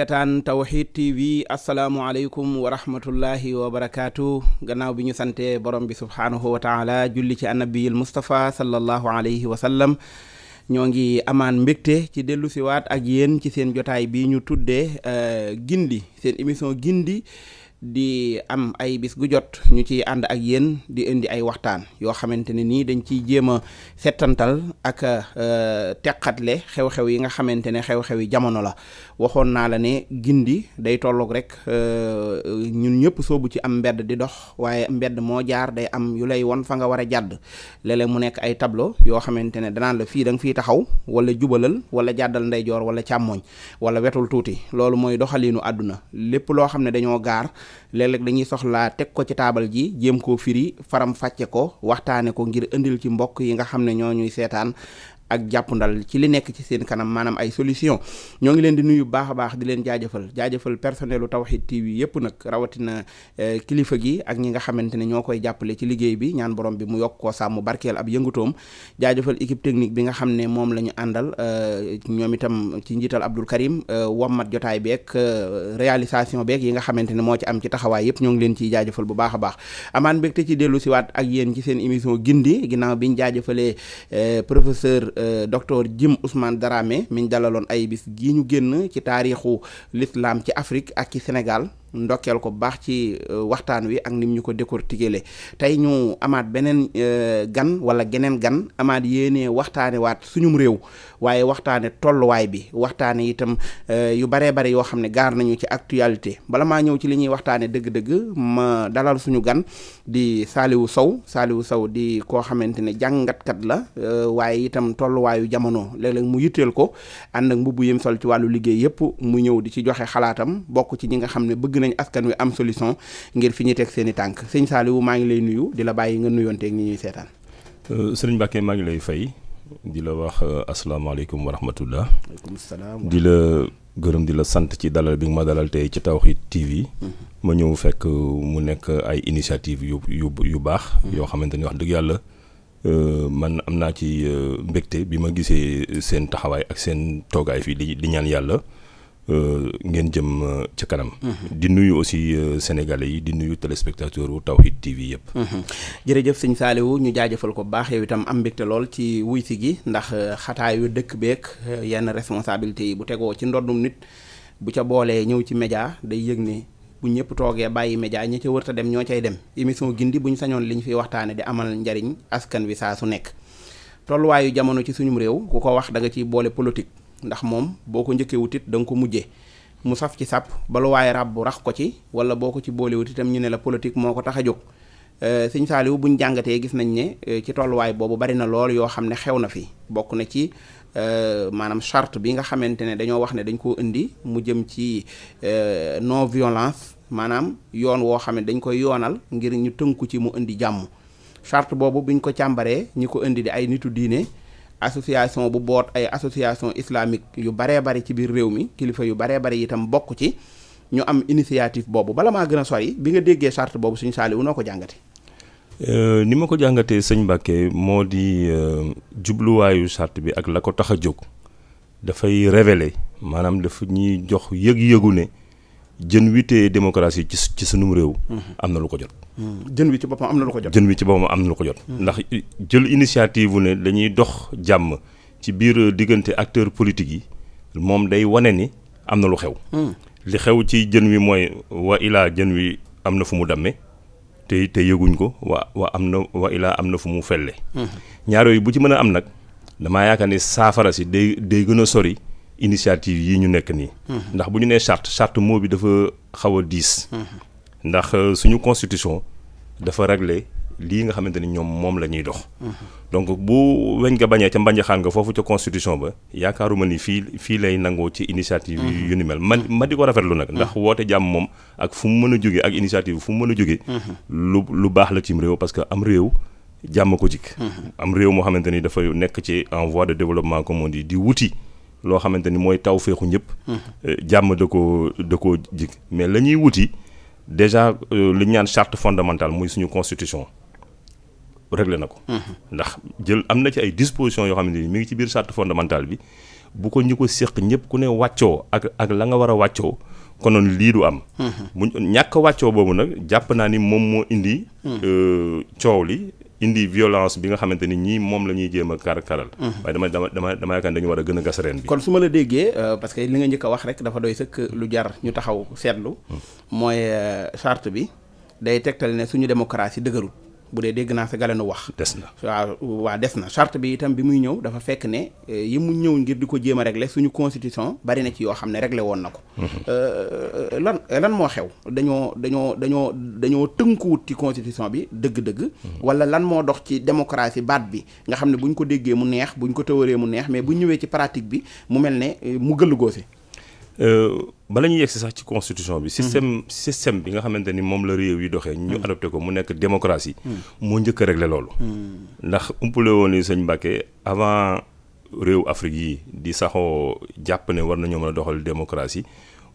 seetaan Tawhid TV asalaamualeykum wa rahmatullahi wa barakaatu gannaaw bi ñu sante borom bi subhaanahu wa taala julli ci annabiyil Mustafa sallallahu alayhi wa sallam ñoo ngi amaan mbégte ci dellu siwaat ak yéen ci seen jotaay bi ñu tuddee euh, gindi seen émission gindi. di am ay bis gu jot ñu ciy ànd ak yéen di indi ay waxtaan yoo xamante ne nii dañ ciy jéem a settantal ak euh, teqatle xew-xew yi nga xamante ne xew-xew yi jamono la waxoon naa la ne gindi day tolloog rek euh, ñun ñëpp soobu ci am mbedd di dox waaye mbedd moo jaar day am yu lay won fa nga war a jàdd léeg mu nekk ay tableau yoo xamante ne danaan la fii da nga fiy taxaw wala jubalal wala jàddal ndeyjoor wala càmmooñ wala wetul tuuti loolu mooy doxaliinu àdduna lépp xam ne dañoo gaar léeg-léeg dañuy soxla teg ko ci taabal ji jéem koo firi faram fàcce ko waxtaane ko ngir indil ci mbokk yi nga xam ne ñoo ñuy seetaan ak jàppandal ci li nekk ci seen kanam maanaam ay solution ñoo ngi leen di nuyu baax a baax di leen jaajëfal jaajëfal personnelu Tawhid TV yépp nag rawatina eh, kilifa gi ak ñi nga xamante ne ñoo koy jàppale ci liggéey bi ñaan borom bi mu yokk koo sàmm barkeel ab yëngutoom jaajëfal équipe technique bi nga xam ne moom la ñu àndal eh, ñoom itam ci njiital Abdul Karim eh, wammat jotaay beeg réalisation beeg yi nga xamante ne moo ci am ci taxawaay yépp ñoo ngi leen ciy jaajëfal bu baax a baax amaan mbégte ci dellu siwaat ak yéen ci seen émission gindi ginnaaw bi biñ jaajëfalee professeur Euh, docteur Jim Ousmane Darame mi ñu dalaloon ay bis gi ñu génn ci taarixu lislaam ci Afrique ak ci Sénégal ndokkeel ko baax ci euh, waxtaan wi ak nim ñu ko décortiquer tey ñu amaat beneen euh, gan wala geneen gan amaat yéene waxtaane waat suñum réew waaye waxtaane tolluwaay bi waxtaane itam euh, yu baree bare yoo xam ne gaar nañu ci actualité bala maa ñëw ci li ñuy waxtaane dëgg-dëgg ma dalal suñu gan di Saliou Sow Saliou Sow di koo xamante ne jàngatkat la euh, waaye itam tolluwaayu jamono léeg-léeg mu yitteel ko ànd ak mbubb yim sol ci wàllu liggéey yëpp mu ñëw di ci joxe xalaatam bokk ci ñi nga xam ne bëgg nañ askan wi am solution ngir fi ñu teg seen i tànk sëñ Saliou maa ngi lay nuyu di la bàyyi nga nuyoonteeg ñi ñuy seetaan. Euh, sëriñ Mbacke maa ngi lay fay. di la wax euh, asalaamaaleykum wa rahmatullah salaam di la gërëm di la sant ci dalal bi nga ma dalal tey ci Tawhid TV. Mm-hmm. ma ñëw fekk mu nekk ay initiative yu yu yu baax. Mm-hmm. yoo xamante ni wax dëgg yàlla euh, man am naa ci euh, mbégte bi ma gisee seen taxawaay ak seen toogaay fii di di ñaan yàlla. Euh, ngeen jëm euh, ca kanam. Mm-hmm. di nuyu aussi euh, sénégalais yi di nuyu téléspectateur wu taw Tawhid TV yëpp. Mm-hmm. jërëjëf sëñ Saliou ñu jaajëfal ko bu baax itam am mbégte lool ci wuy si gi ndax xataayu dëkk beeg yenn responsabilité yi bu tegoo ci ndoddum nit bu ca boolee ñëw ci média day yëg ni bu ñëpp toogee bàyyi média ñi ca wërta dem ñoo cay dem émission gindi bu ñu sañoon li ñu fiy waxtaane di amal njariñ askan wi saa su nekk tolluwaayu jamono ci suñum réew ku ko wax da nga ciy boole politique ndax moom boo ko njëkkee wutit da nga ko mujjee mu saf ci sàpp bala waaye rax ko ci wala boo ko ci boole itam ñu ne la politique moo ko tax a jóg euh, sëñ Saaliw buñ jàngatee gis nañ ne euh, ci tolluwaay boobu bari na lool yoo xam ne xew na fi bokk na ci euh, maanaam charte bi nga xamante ne dañoo wax ne dañ koo indi mu jëm ci non violence maanaam yoon woo xam ne dañ koy yoonal ngir ñu tënku ci mu indi jàmm charte boobu biñ ko càmbaree ñi ko indi di ay nitu diine association bu boot ay association islamique yu baree bari ci biir réew mi kilifa yu baree bari itam bokk ci ñu am initiative boobu bala maa gën a sori bi nga déggee charte boobu suñu saaliwu noo ko jàngate euh, ni ma ko jàngatee sëñ Mbàkke moo di euh, jubluwaayu charte bi ak la ko tax a jóg dafay révéler maanaam dafa ñuy jox yëg-yëgu ne jën wi téye démocratie ci ci sunum réew. Mm-hmm. am na lu ko jot. Mm-hmm. jën wi ci boppam am na lu ko jot. jën wi ci boppam am na ko jot. Mm-hmm. ndax jël initiative wu ne dañuy dox jàmm ci biir euh, diggante acteur politiques yi moom day wane ni am na lu xew. li xew ci jën wi mooy wa ilaa jën wi am na fu mu damme te te yëguñ ko wa wa am na wa ilaa am na fu mu felle. ñaar yooyu bu ci mën a am nag dama yaakaar ni saafara si day day gën a sori. initiative yi ñu nekk nii. Mhm. ndax bu ñu nee charte charte moo bi dafa xaw a diis. Mhm. ndax euh, suñu constitution dafa régler lii nga xamante ni ñoom moom la ñuy dox. Mhm. donc bu weñ ga bañee ca mbanjaxaan nga foofu ca constitution ba yaakaaruma ni fii fii lay nangoo ci initiative yu ni mel man ma di ko rafetlu nag. ndax woote jàmm moom ak fu mu mën a jóge ak initiative fu mu mën a jóge. lu lu baax la cim réew parce que am réew. jàmm ko jikk am réew moo xamante ni dafay nekk ci en de développement comme on di wuti. loo xamante ni mooy taw féexu ñëpp. Mm-hmm. Eh, jàmm da koo da koo jig mais la ñuy wuti déjà euh, lu ñu ñaan charte fondamentale muy suñu constitution régle na ko. Mm-hmm. ndax jël am na ci ay dispositions yoo xamante ni mi ngi ci biir charte fondamentale bi bu ko ñu ko séq ñëpp ku ne wàccoo ak ak la nga war a wàccoo. konoon lii du am. Mm-hmm. mu ñàkk wàccoo boobu nag jàpp naa ni moom moo indi. Mm. Euh, coow li indi violence bi nga xamante ni ñii moom la ñuy jéem a kar karal mhm. waaye dama dama dama dama yaakaar dañu war a gën a gas reen bi kon su ma la déggee euh, parce que li nga njëkk a wax rek dafa doy sëkk lu jar ñu taxaw seetlu mhm. mooy euh, charte bi day tegtal ne suñu démocratie dëgërul bu dee dégg naa sa galanu wax. des na waaw waaw des na charte bi itam bi muy ñëw dafa fekk ne eh, yi mu ñëw ngir di ko jéem a régler suñu constitution bari na ci yoo xam ne régler woon na ko. Mhm. Euh, euh, lan lan moo xew dañoo dañoo dañoo dañoo tënkuwut ci constitution bi dëgg-dëgg. Mhm. wala lan moo dox ci démocratie baat bi nga xam ne buñ ko déggee mu neex buñ ko tëwaree mu neex mais bu ñëwee ci pratique bi mu mel ne eh, mu gëll goose Euh, bala ñuy yegg si sax ci constitution bi. Mm-hmm. système système bi nga xamante ni moom la réew yi doxee. ñu mm-hmm. adopté ko mu nekk démocratie. Mm-hmm. moo njëkk a loolu. ndax umpale woon ni sëñ Mbacke avant réew Afrique yi di saxoo jàpp ne war nañoo mën a doxal démocratie.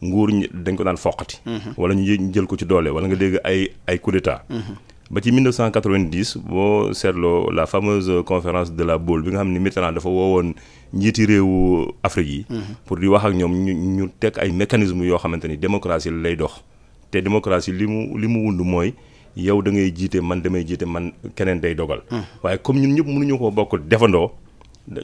nguur dañ ko daan foqati. wala ñu jël ko ci doole wala nga dégg ay ay coup d'état ba ci 1990 boo seetloo la fameuse conférence de la Baule bi nga xam ni Mitterrand dafa woowoon njiiti réew Afrique yi. Mhm. pour di wax ak ñoom ñu ñu teg ay mécanismes yoo xamante ni démocratie lay dox. te démocratie li mu li mu wund mooy yow da ngay jiite man damay jiite man keneen day dogal. Mhm. waaye comme ñun ñëpp mënuñu ko bokk defandoo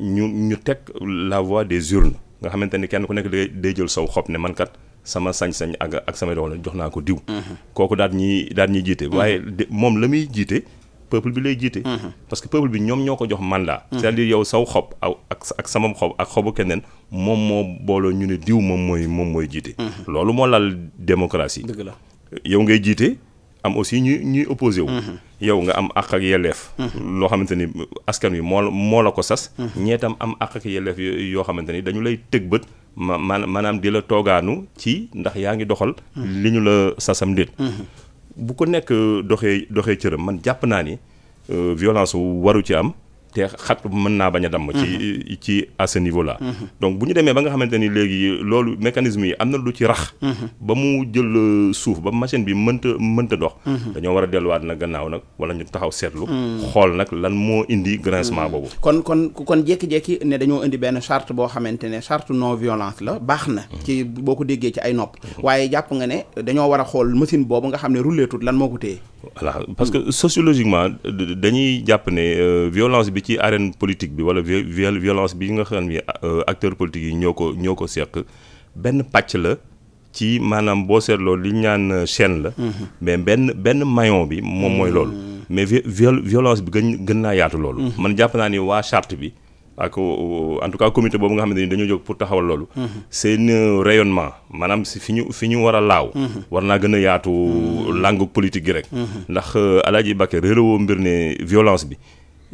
ñu ñu teg la voie des urnes nga xamante ni kenn ku nekk day jël saw xob ne man kat. sama sañ-sañ ak ak sama doole jox naa ko diw. Mhm. kooku daal ñuy daal ñuy jiite. Mhm. waaye moom la muy jiite peuple bi lay jiite. Mhm. parce que peuple bi ñoom ñoo ko jox mandat. c'est-à-dire yow saw xob ak ak sama xob ak xobu keneen moom moo booloo ñu ne diw moom mooy moom mooy jiite. loolu moo lal démocratie. dëgg la yow ngay jiite am aussi ñuy ñuy opposé wu. yow nga am àq ak yelleef. loo xamante ni askan wi moo moo la ko sas. ñeetam am àq ak yelleef yoo xamante ni dañu lay tëg bët. ma maanaam di la toogaanu ci ndax yaa ngi doxal. li ñu la sasam déet. Mm-hmm. bu ko nekk doxee doxee cëram man jàpp naa ni euh, violence waru ci am. te xat mën naa bañ a damm. ci mm-hmm. ci à ce niveau là. Mm-hmm. donc bu ñu demee ba nga xamante ni léegi loolu mécanisme yi am na lu ci rax. Mm-hmm. ba mu jël euh, suuf ba machine bi mënta mënta dox. dañoo war a delluwaat na gannaaw nag wala ñu taxaw seetlu. xool nag lan moo indi grincement boobu. kon kon kon jékki-jékki ne dañoo indi benn charte boo xamante ne charte non violence la baax na. ci boo ko déggee ci ay nopp. waaye jàpp nga ne dañoo war a xool machine boobu nga xam ne rouleetul lan moo ko téye. voilà parce que hmm. sociologiquement dañuy jàpp ne euh, violence bi ci arène politique bi wala violence bi nga xam ni euh, acteurs politiques yi ñoo ko ñoo ko seq benn pàcc la ci maanaam boo seetloo li ñu naan euh, chaîne la. Hmm. mais benn benn mayon bi moom mooy hmm. loolu. mais viol violence bi gën gën naa yaatu loolu. man jàpp naa ni waa chart bi. ak en tout cas comité boobu nga xamante ni dañoo jóg pour taxawal loolu. seen rayonnement maanaam si fi ñu fi ñu war a laaw. war naa gën a yaatu langue politique gi rek. ndax El Hadj Bakke réerewoo mbir ne violence bi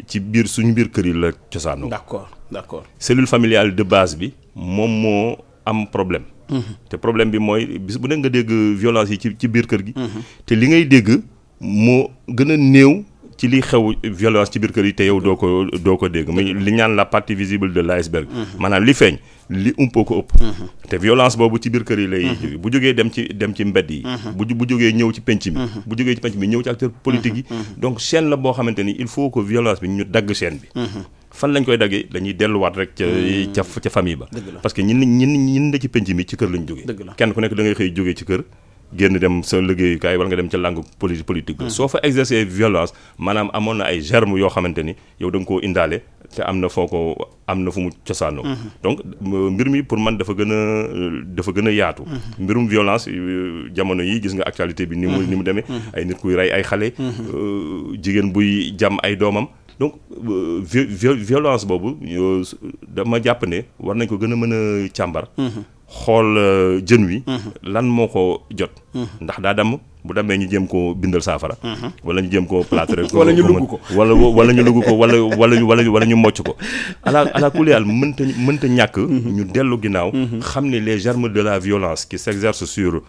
ci biir suñu biir kër yi la cosaanoo. d'accord d'accord cellule familiale de base bi moom moo am problème. Mhm. te problème bi mooy bis bu nekk nga dégg violence yi ci ci biir kër gi. Mhm. te li ngay dégg moo gën a néew. ci li xew violence ci biir kër yi te yow doo ko doo ko dégg ma li ñaan la partie visible de l'iceberg mhm. maanaam li feeñ li umpoo ko ëpp mhm. te violence boobu ci biir kër yi lay mhm. jóge bu jógee dem ci dem ci mbedd yi bu bu jógee ñëw ci penc mi bu jógee ci penc mi ñëw ci acteur politique yi donc chaîne la boo xamante ni il faut ko violence bi ñu dagg chaîne bi fan lañ koy daggee dañuy delluwaat rek ca ca famille ba parce que ñin ñin ñin da ci penc mi ci kër lañ jógee kenn ku nekk da ngay xëy jógee ci kër génn dem sa liggéeyukaay wala nga dem ca langue poli politique hmm. soo fa exercer violence maanaam amoon na ay germes yoo xamante ni yow danga koo indaale te am na foo ko am na fu mu cosaanoo hmm. donc euh, mbir mi pour man dafa gën a dafa gën a yaatu hmm. mbirum violence euh, jamono yi gis nga actualité bi ni mu ni mu demee ay nit kuy rey ay xale euh, jigéen buy jàmm ay doomam donc violence boobu dama jàpp ne war nañ ko gën a mën a càmbar xool euh, jën wi. Mhm. lan moo ko jot. Mhm. ndax daa damm bu demee ñu jëm ko bindal saafara. Mhm. wala ñu jëm koo plâtre. wala ñu lugg ko wala wala ñu lugg ko wala wala ñu wala ñu mocc ko ala ala kulli haal mënta ñàkk. ñu dellu ginnaaw. xam ne les germes de la violence qui s'exercent sur.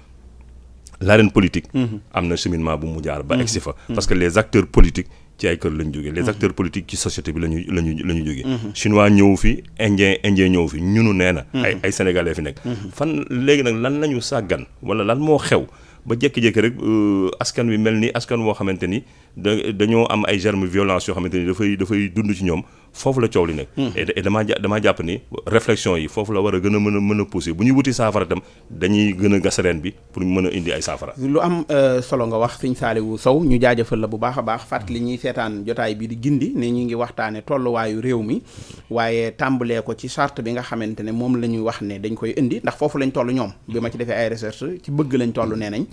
l'arène politique. am na cheminement bu mu jaar ba egsi fa. parce que les acteurs politiques. ci ay kër lañ jógee. les mhm. acteurs politiques ci société bi la ñu la ñu la ñu jógee. Mhm. chinois ñëw fi indien indien ñëw fi ñunu nee na. Mhm. ay ay sénégalais fi nekk. fan léegi nag lan la ñu sàggan wala lan moo xew ba jékki-jékki rek euh, askan wi mel ni askan woo xamante ni da dañoo am ay germes violence yoo xamante ni dafay dafay dund ci ñoom. foofu la coow li nekk. Hmm. et damaa jà damaa jàpp ni réflexion yi foofu la war a gën a mën a mën a pousser bu ñuy wuti saafara itam dañuy gën a gas reen bi pour mën a indi ay saafara. lu am euh, solo nga wax sëñ wu Sow ñu jaajëfal la bu baax a baax li ñuy seetaan jotaay bi di gindi ne ñu ngi waxtaane tolluwaayu réew mi waaye tàmbalee ko ci charte bi nga xamante ne moom la ñuy wax ne dañ koy indi ndax foofu lañ toll ñoom. bi ma ci defee ay recherche ci bëgg lañ toll nee nañ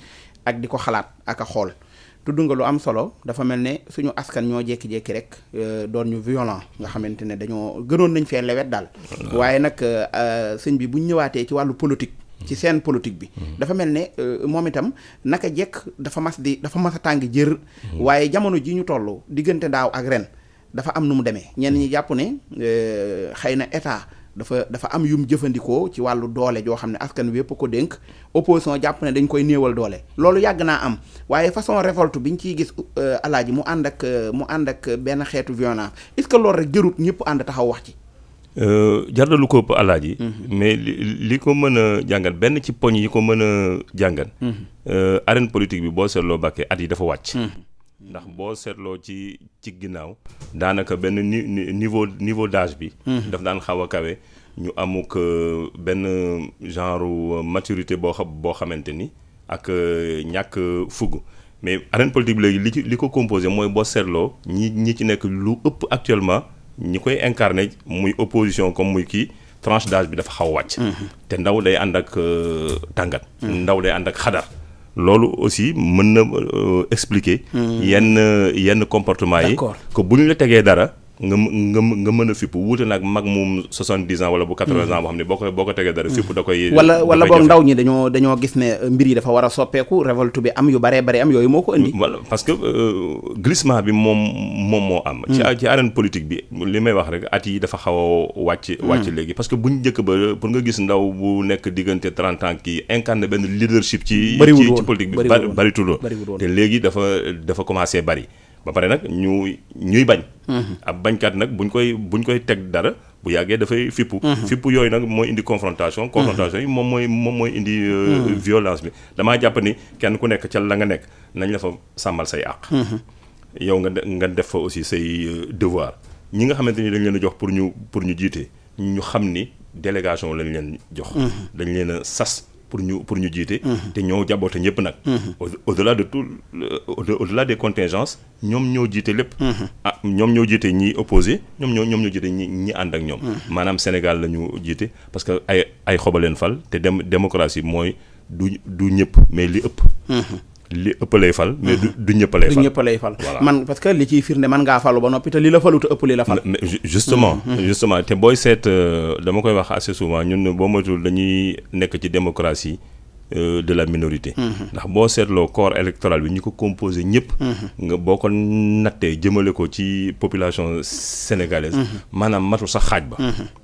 ak di ko xalaat ak xool. tudd nga lu am solo dafa mel ne suñu askan ñoo jékki-jékki rek euh, doon ñu violent nga xamante ne dañoo gënoon nañ fee lewet daal waaye nag euh, euh, sëñ bi bu ñëwaatee ci wàllu politique ci mm-hmm. seen politique bi mm-hmm. dafa mel ne moom itam naka jekk dafa mas di dafa mas a tàng jër mm-hmm. waaye jamono ji ñu toll diggante daaw ak ren dafa am nu mu demee ñenn ñi jàpp ne xëy na état dafa dafa am yum jëfandikoo ci wàllu doole joo xam ne askan wépp ko dénk opposition jàpp ne dañ koy néewal doole loolu yàgg naa am waaye façon révolte bi ñu ciy gis euh, alaaji mu ànd ak euh, mu ànd ak benn xeetu violence est lool rek jërut ñëpp ànd taxaw wax ci euh, jardalu ko ëpp yi mm-hmm. mais li ko mën a jàngal benn ci poñ yi ko mën a jàngal mm-hmm. arène politique bi boo seetloo bàkkee at yi dafa wàcc mm-hmm. ndax boo seetloo ci ci ginnaaw. daanaka benn ni niveau niveau d'âge bi. Hmm. daf daan xaw a kawe. ñu amuk euh, benn genre maturité boo xam boo xamante ni ak euh, ñàkk fugg mais arène politique bi léegi li ci li ko composé mooy boo seetloo ñi ñi ci nekk lu ëpp actuellement ñi koy incarné muy opposition comme muy kii tranche d'âge bi dafa xaw wàcc. Hmm. te ndaw day ànd ak euh, tàngat. Hmm. ndaw day ànd ak xadar. loolu aussi mën na euh, expliquer hmm. yenn yenn comportement yi que bu ñu la tegee dara nga nga nga mën a fipp wuute nag mag moom soixante-dix ans wala bu quatre-vingts mm. ans boo xam ne boo ko boo ko tegee dara fipp da koy wala wala boog ndaw ñi dañoo dañoo gis ne mbir yi dafa war a soppeeku révolte bi am yu baree bari am yooyu moo ko indi voilà parce que euh, bi moom moom moo am ci mm. ci arène politique bi li may wax rek at yi dafa xaw a wàcc mm. wàcc léegi parce que buñ njëkk ba pour nga gis ndaw bu nekk diggante trente ans kii incarne benn leadership ci ci politique bi bari tuloo te léegi dafa dafa commencé bari ba pare nag ñu ñuy bañ. Mhm. ab bañkat nag buñ koy buñ koy teg dara bu yàggee dafay fippu. Mhm. fippu yooyu nag mooy indi confrontation. Mhm. confrontation yi moom mooy moom mooy indi. Euh, violence bi damaa jàpp ni kenn ku nekk ca la nga nekk nañ la fa sàmmal say àq. yow nga nga def fa aussi say euh, devoir ñi nga xamante ni dañ leen jox pour ñu pour ñu jiite ñu xam ni délégation lañ leen jox. dañ leen a sas. pour ñu pour ñu jiite. Mm-hmm. te ñoo jaboote ñëpp nag. Mm-hmm. au delà de tout au delà des contingences ñoom ñoo jiite lépp. Mm-hmm. a ah, ñoom ñoo jiite ñi opposé ñoom ñoo ñoom ñoo jiite ñi ñi ànd ak ñoom. maanaam Sénégal la jiite parce que ay ay xobaleen fal te dem démocratie mooy du du ñëpp mais li ëpp. li ëpp lay fal. mais du mhm. du ñëpp lay fal man parce que li ciy firnde man ngaa falu ba noppi te li la falu te ëpp li la fal. justement mhm. Mhm. justement te booy seet euh, dama koy wax assez souvent ñun boo moytuwul dañuy nekk ci démocratie euh, de la minorité. ndax boo seetloo corps électoral bi ñu ko composé ñëpp. nga boo ko nattee jëmale ko ci population sénégalaise. maanaam matu sax xaaj ba.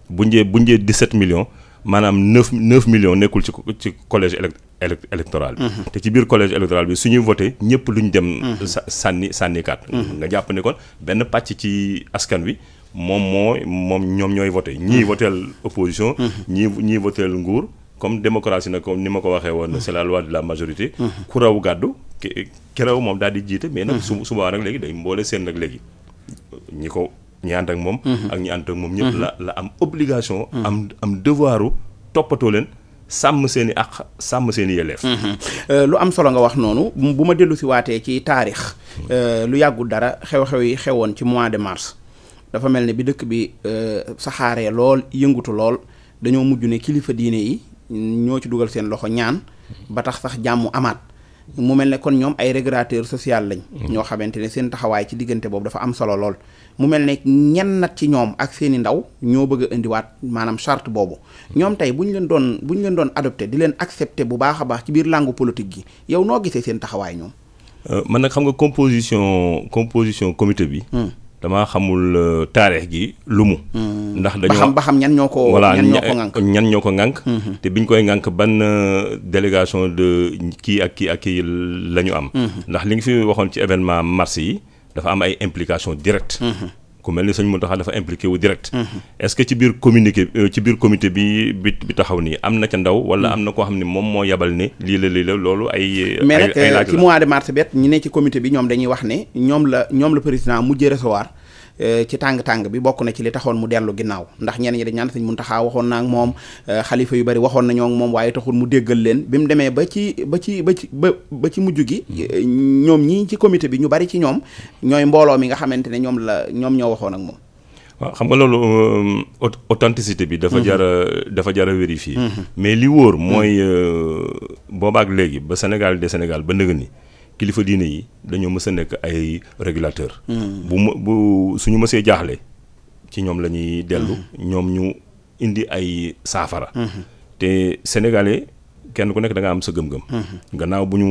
bu njee bu njee 17 million maanaam neuf neuf millions nekkul ci ci collège élec électoral bi mhm. te ci biir collège électoral bi suñuy voté ñëpp lu ñu dem mhm. sànni sànnikaat mhm. nga jàpp ne kon benn pàcc ci askan wi moom moo moom ñoom ñooy voté ñii voteel opposition ñii ñii voteel nguur comme démocratie na ko ni ma ko waxee woon c'est la loi de la majorité ku raw gàddu ki raw moom daal di jiite mais nag su subaa nag léegi day mboole seen nag léegi ñi ko ñi ànd ak moom. Mhm. ak ñi ànd ak moom ñëpp mhm. la la am obligation. Mhm. am am devoiru toppatoo leen. sàmm seen i àq sàmm seen i yelleef euh, lu am solo nga wax noonu bu ma dellu si waatee ci taarix euh, lu yàggul dara xew-xew yi xewoon ci mois de mars dafa mel ne bi dëkk bi euh, saxaaree lool yëngutu lool dañoo mujj ni kilifa diine yi ñoo ci dugal seen loxo ñaan ba tax sax jàmm amaat mu mel ne kon ñoom ay régulateur social lañ ñoo xamante ne seen taxawaay ci diggante boobu dafa am solo lool mu mel ne ñenn nag ci ñoom ak seeni ndaw ñoo bëgg a indiwaat maanaam charte boobu ñoom tey bu ñu leen doon bu ñu leen doon adopté di leen accepté bu baax a baax ci biir langue politique gi yow noo gisee seen taxawaay ñoom. Euh, man nag xam nga composition composition comité bi. Hmm. damaa xamul euh, taarix gi lu mu. Hmm. ndax dañoo ba xam ba xam ñan ñoo ko. ñan ñoo ñan ñoo ko ŋànk. Hmm. te biñ koy ŋànk ban euh, délégation de kii ak kii ak kii la ñu am. ndax li nga fi waxoon ci événement mars yi. dafa am ay implication direct mhm. ku mel ni sëñ Mountakha dafa impliqué wu direct mhm. est-ce que ci biir communiqué euh, ci biir comité bi bi bi taxaw nii am na ca ndaw wala mhm. am na koo xam ne moom moo yabal ni lii la lii la loolu ay mais nag euh, ci mois de mars bet ñi ne ci comité bi ñoom dañuy wax ne ñoom la ñoom la président mujjee recevoir Eh, ci tàng-tàng bi bokk na ci li taxoon mu dellu ginnaaw ndax ñenn ñi dañ naan sëñ Muntaxa waxoon na ak moom eh, xalifa yu bari waxoon nañoo ak moom waaye taxul mu déggal leen bi mu demee ba ci ba ci ba ci ba ci mujj gi eh, ñoom ñii ci comité bi ñu bari ci ñoom ñooy mbooloo mi nga xamante ne ñoom la ñoom ñoo waxoon ak moom waaw xam nga loolu euh, authenticité bi dafa mhm. jar a dafa jar a vérifier mhm. mais li wóor mooy mhm. euh, boobaak léegi ba Sénégal de Sénégal ba nëgën nii kilifa diine yi dañoo mës nekk ay régulateur hmm. bu bu suñu mësee jaaxle ci ñoom la ñuy dellu hmm. ñoom ñu indi ay saafara hmm. te sénégalais kenn ku nekk da am sa gëm-gëm gannaaw bu ñu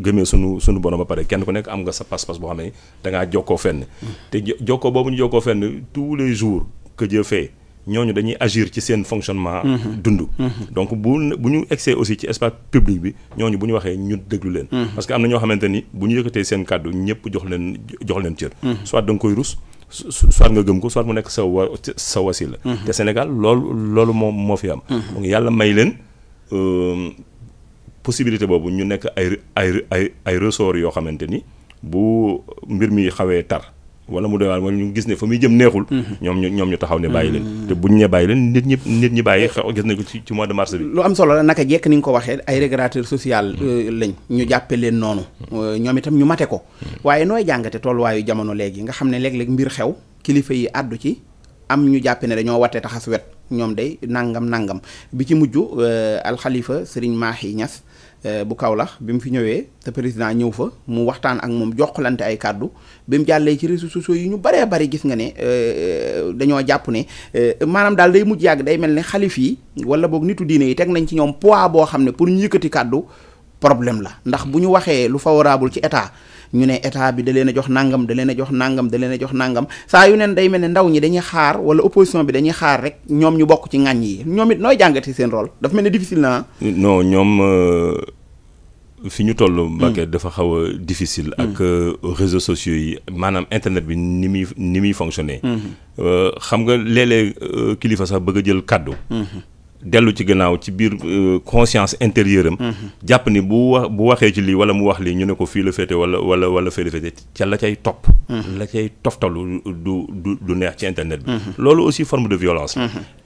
gëmee sunu sunu borom ba pare kenn ku nekk am nga sa pas-pas boo xam ne dangaa ngaa jokkoo fenn te jokkoo boobu ñu jokkoo fenn tous les jours que Dieu fait ñooñu dañuy agir ci seen fonctionnement. Mhm. dund. Mhm. donc bu bu ñu egsee aussi ci espace public bi ñooñu bu ñu waxee ñu déglu leen. Mhm. parce que am na ñoo xamante ni bu ñu yëkkatee seen kàddu ñëpp jox leen jox leen cër. soit da nga koy rus. soit nga gëm ko soit mu nekk sa wa sa wasila te Sénégal loolu loolu moom moo fi am. donc yàlla may leen euh, possibilité boobu ñu nekk ay ay ay ay ressorts yoo xamante ni bu mbir mi xawee tar. wala mu doy waar moom ñu gis ne fa muy jëm neexul mhm. ñoom ñu ñoom ñu taxaw ne bàyyi leen mhm. te buñ ne bàyyi leen nit ñi nit ñi bàyyi xew gis nañ ko ci mois de mars bi lu am solo la naka jekk ni nga ko waxee ay régulateur social mhm. euh, lañ ñu jàppe leen noonu euh, ñoom itam ñu mate ko waaye nooy jàngate tolluwaayu jamono léegi nga xam ne léeg-léeg mbir xew kilifa yi àddu ci am ñu jàppe ne dañoo wattee taxas wet ñoom day nangam nangam bi ci mujj euh, alxalifa sëriñ yi Niass Euh, bu Kaolack bi mu fi ñëwee te président ñëw fa mu waxtaan ak moom joxlante ay kàddu bi mu jàllee ci réseaux sociaux yi ñu baree bari gis nga ne euh, dañoo jàpp ne euh, maanaam daal day mujj yàgg day mel ni xalif yi wala boog nitu diine yi teg nañ ci ñoom poids boo xam ne pour ñu yëkkati kàddu problème la ndax bu ñu waxee lu favorable ci état ñu ne état bi da leen a jox nangam da leen a jox nangam da leen a jox nangam saa yu neen day mel ni ndaw ñi dañuy xaar wala opposition bi dañuy xaar rek ñoom ñu bokk ci ŋàññ yi ñoom it nooy jàngati seen rôle dafa mel ne difficile naa ah. non ñoom euh, fi ñu toll mm. Mbacke dafa xaw a difficile mm. ak euh, réseaux sociaux yi maanaam internet bi ni muy ni muy fonctionner mm-hmm. euh, xam nga léeg-léeg kilifa sax bëgg a jël kàddu mm-hmm. dellu ci gannaaw ci biir euh, conscience intérieure am. Mhm. jàpp ni bu wax bu waxee ci lii wala mu wax lii ñu ne ko fii la féete wala wala wala fii la féete ca la cay topp. Mhm. la cay toftalu du du du neex ci internet bi. Mhm. loolu aussi forme de violence.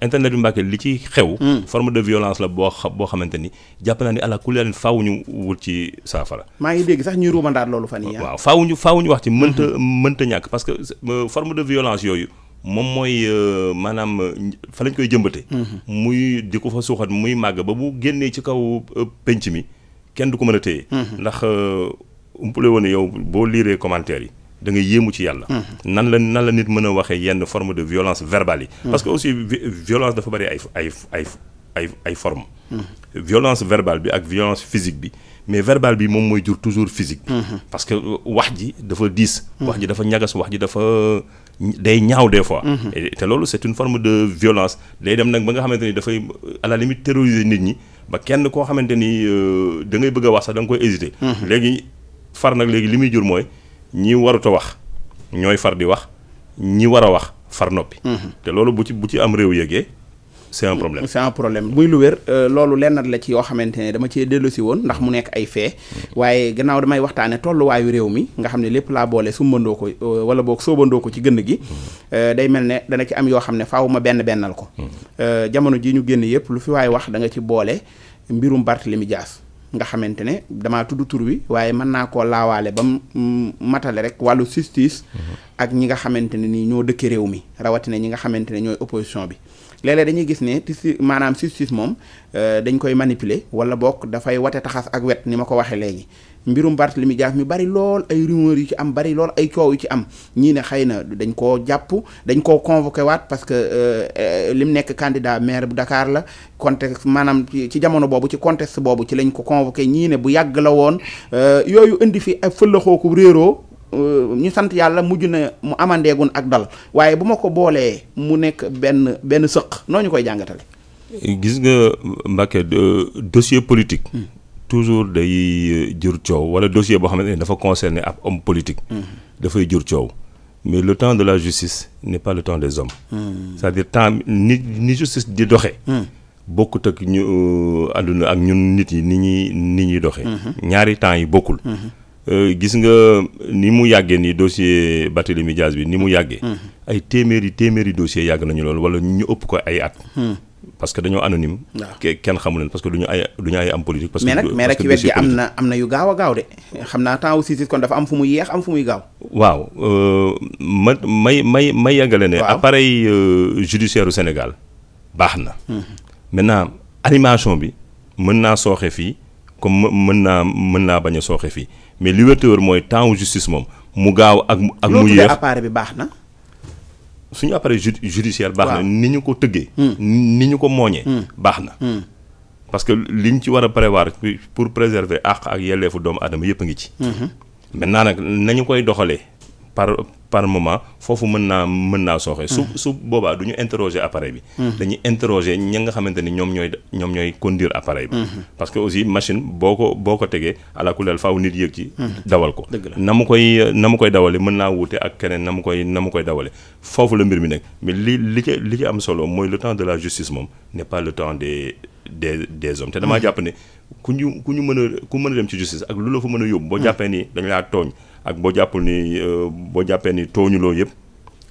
internet bi Mbàkke li ci xew. forme de violence la boo xa boo xamante ni jàpp naa ni ala kulli leen faw ñu wut ci saafara. maa ngi dégg sax ñuy ruumandaat loolu fan yii. Ah. waaw faaw ñu faw ñu wax ci mënta mënta ñàkk parce que euh, forme de violence yooyu. moom mooy euh, maanaam euh, fa lañ koy jëmbate mm-hmm. muy di ko fa suuxat muy màgg ba bu génnee ci kaw euh, penc mi kenn du ko mën a téye mm-hmm. ndax umpule woon yow boo liiree commentaires yi da nga yéemu ci yàlla mm-hmm. nan la nan la nit mën a waxee yenn forme de violence verbale yi parce que aussi violence dafa bëri ay ay ay ay ay forme violence verbale bi ak violence physique bi mais verbal bi moom mooy jur toujours physique bi parce que wax ji dafa diis wax ji dafa ñagas wax ji dafa day ñaaw des fois. Mhm. te loolu c'est une forme de violence day dem nag ba nga xamante ni dafay à la limite terroriser nit ñi ba kenn koo xamante ni euh, da ngay bëgg a wax sax da nga koy hésiter. Mhm. léegi far nag léegi li muy jur mooy ñi warut a wax ñooy far di wax ñi war a wax far noppi. Mhm. te loolu bu ci bu ci am réew yëgee. c'est un problème problème muy lu wér euh, loolu lenn la ci yoo xamante ne dama cee dellu si woon ndax mu nekk ay fee mm. waaye gannaaw damay waxtaane tolluwaayu réew mi nga xam ne lépp laa boole sumbandoo ko euh, wala boog ci gënn gi mm. euh, day mel ne dana ci am yoo xam ne faaw ma benn bennal ko mm. jamono ji ñu génn yëpp lu fi waay wax da nga ci boole mbirum Barthélemy Dias nga xamante ne damaa tudd tur wi waaye mën naa koo laawaale ba matale rek wàllu justice mm-hmm. ak ñi nga xamante ni nii ñoo dëkke réew mi rawatina ñi nga xamante ne ñooy opposition bi léeg dañuy gis ne tissu maanaam justice moom euh, dañ koy manipuler wala bokk dafay wate taxas ak wet ni ma ko waxee léegi mbirum Barthélemy Dias mi bari lool ay rumeur yu ci am bari lool ay coow yu ci am ñii ne xëy na dañ koo jàpp dañ koo convoqué waat parce que euh, lim nekk candidat maire bu dakaar la contexte maanaam ci jamono boobu ci contexte boobu ci lañ ko convoqué ñii ne bu yàgg la woon euh, yooyu indi fi ak fëllaxoo ko réeroo Euh, ñu sant yàlla mujj na mu amandeegun ak dal waaye bu ma ko boolee mu nekk benn benn sëq noo ñu koy jàngatale gis nga Mbacke dossier politique hmm. toujours day euh, jur coow wala dossier boo xamante ne dafa concerner ab homme politique hmm. dafay jur coow mais le temps de la justice n'est pas le temps des hommes hmm. cest dire temps nit ni justice di doxe bokkut ak ñu euh, àdduna ak ñun nit yi ni ñuy ni ñuy doxee ñaari temps yi bokkul Euh, gis nga ni mu yàggee ni dossier Barthélémy Dias bi ni mu yàggee. Mm-hmm. ay téeméeri téeméeri dossier yàgg nañu loolu wala ñu ëpp ko ay at. Mm-hmm. parce que dañoo anonyme. kenn xamu leen parce que du ñu ay du ay am politique. parce que mais nag mais nag am na am na yu gaaw gaaw de xam naa temps aussi kon dafa am fu mu yeex am fu muy gaaw. waaw euh, ma may may may yàggale ne. appareil euh, judiciaire u Sénégal baax na. Mm-hmm. maintenant animation bi mën naa sooxe fii. comme mën naa mën naa bañ a sooxe fii mais li wér te wér mooy temps justice moom mu gaaw ak ak mu yéex appareil bi baax na suñu appareil judiciaire baax na ni ñu ko tëggee hmm. ni ñu ko mooñee hmm. baax na hmm. parce que liñ ci war a prévoir pour préserver àq ak yelleefu doomu aadama yëpp a ngi ci maintenant nag nañu koy doxalee par par moment foofu mën naa mën naa sooxe. su hmm. su boobaa du ñu interroger appareil bi. Hmm. dañu interroger ñi nga xamante ni ñoom ñooy ñoom ñooy conduire appareil bi. Hmm. parce que aussi machine boo ko boo ko tegee alaakuleel faaw nit yëg ci. dawal ko na mu koy na mu koy dawale mën naa wuute ak keneen na mu koy na mu koy dawale foofu la mbir mi nekk mais li li ci li ci am solo mooy le temps de la justice moom n'est pas le temps des des des hommes te damaa jàpp ne ku ñu ku ñu mën a ku mën a dem ak lu la fa mën a yóbbu. boo jàppee ni dañ laa ak boo jàppul ni euh, boo jàppee ni tooñuloo yëpp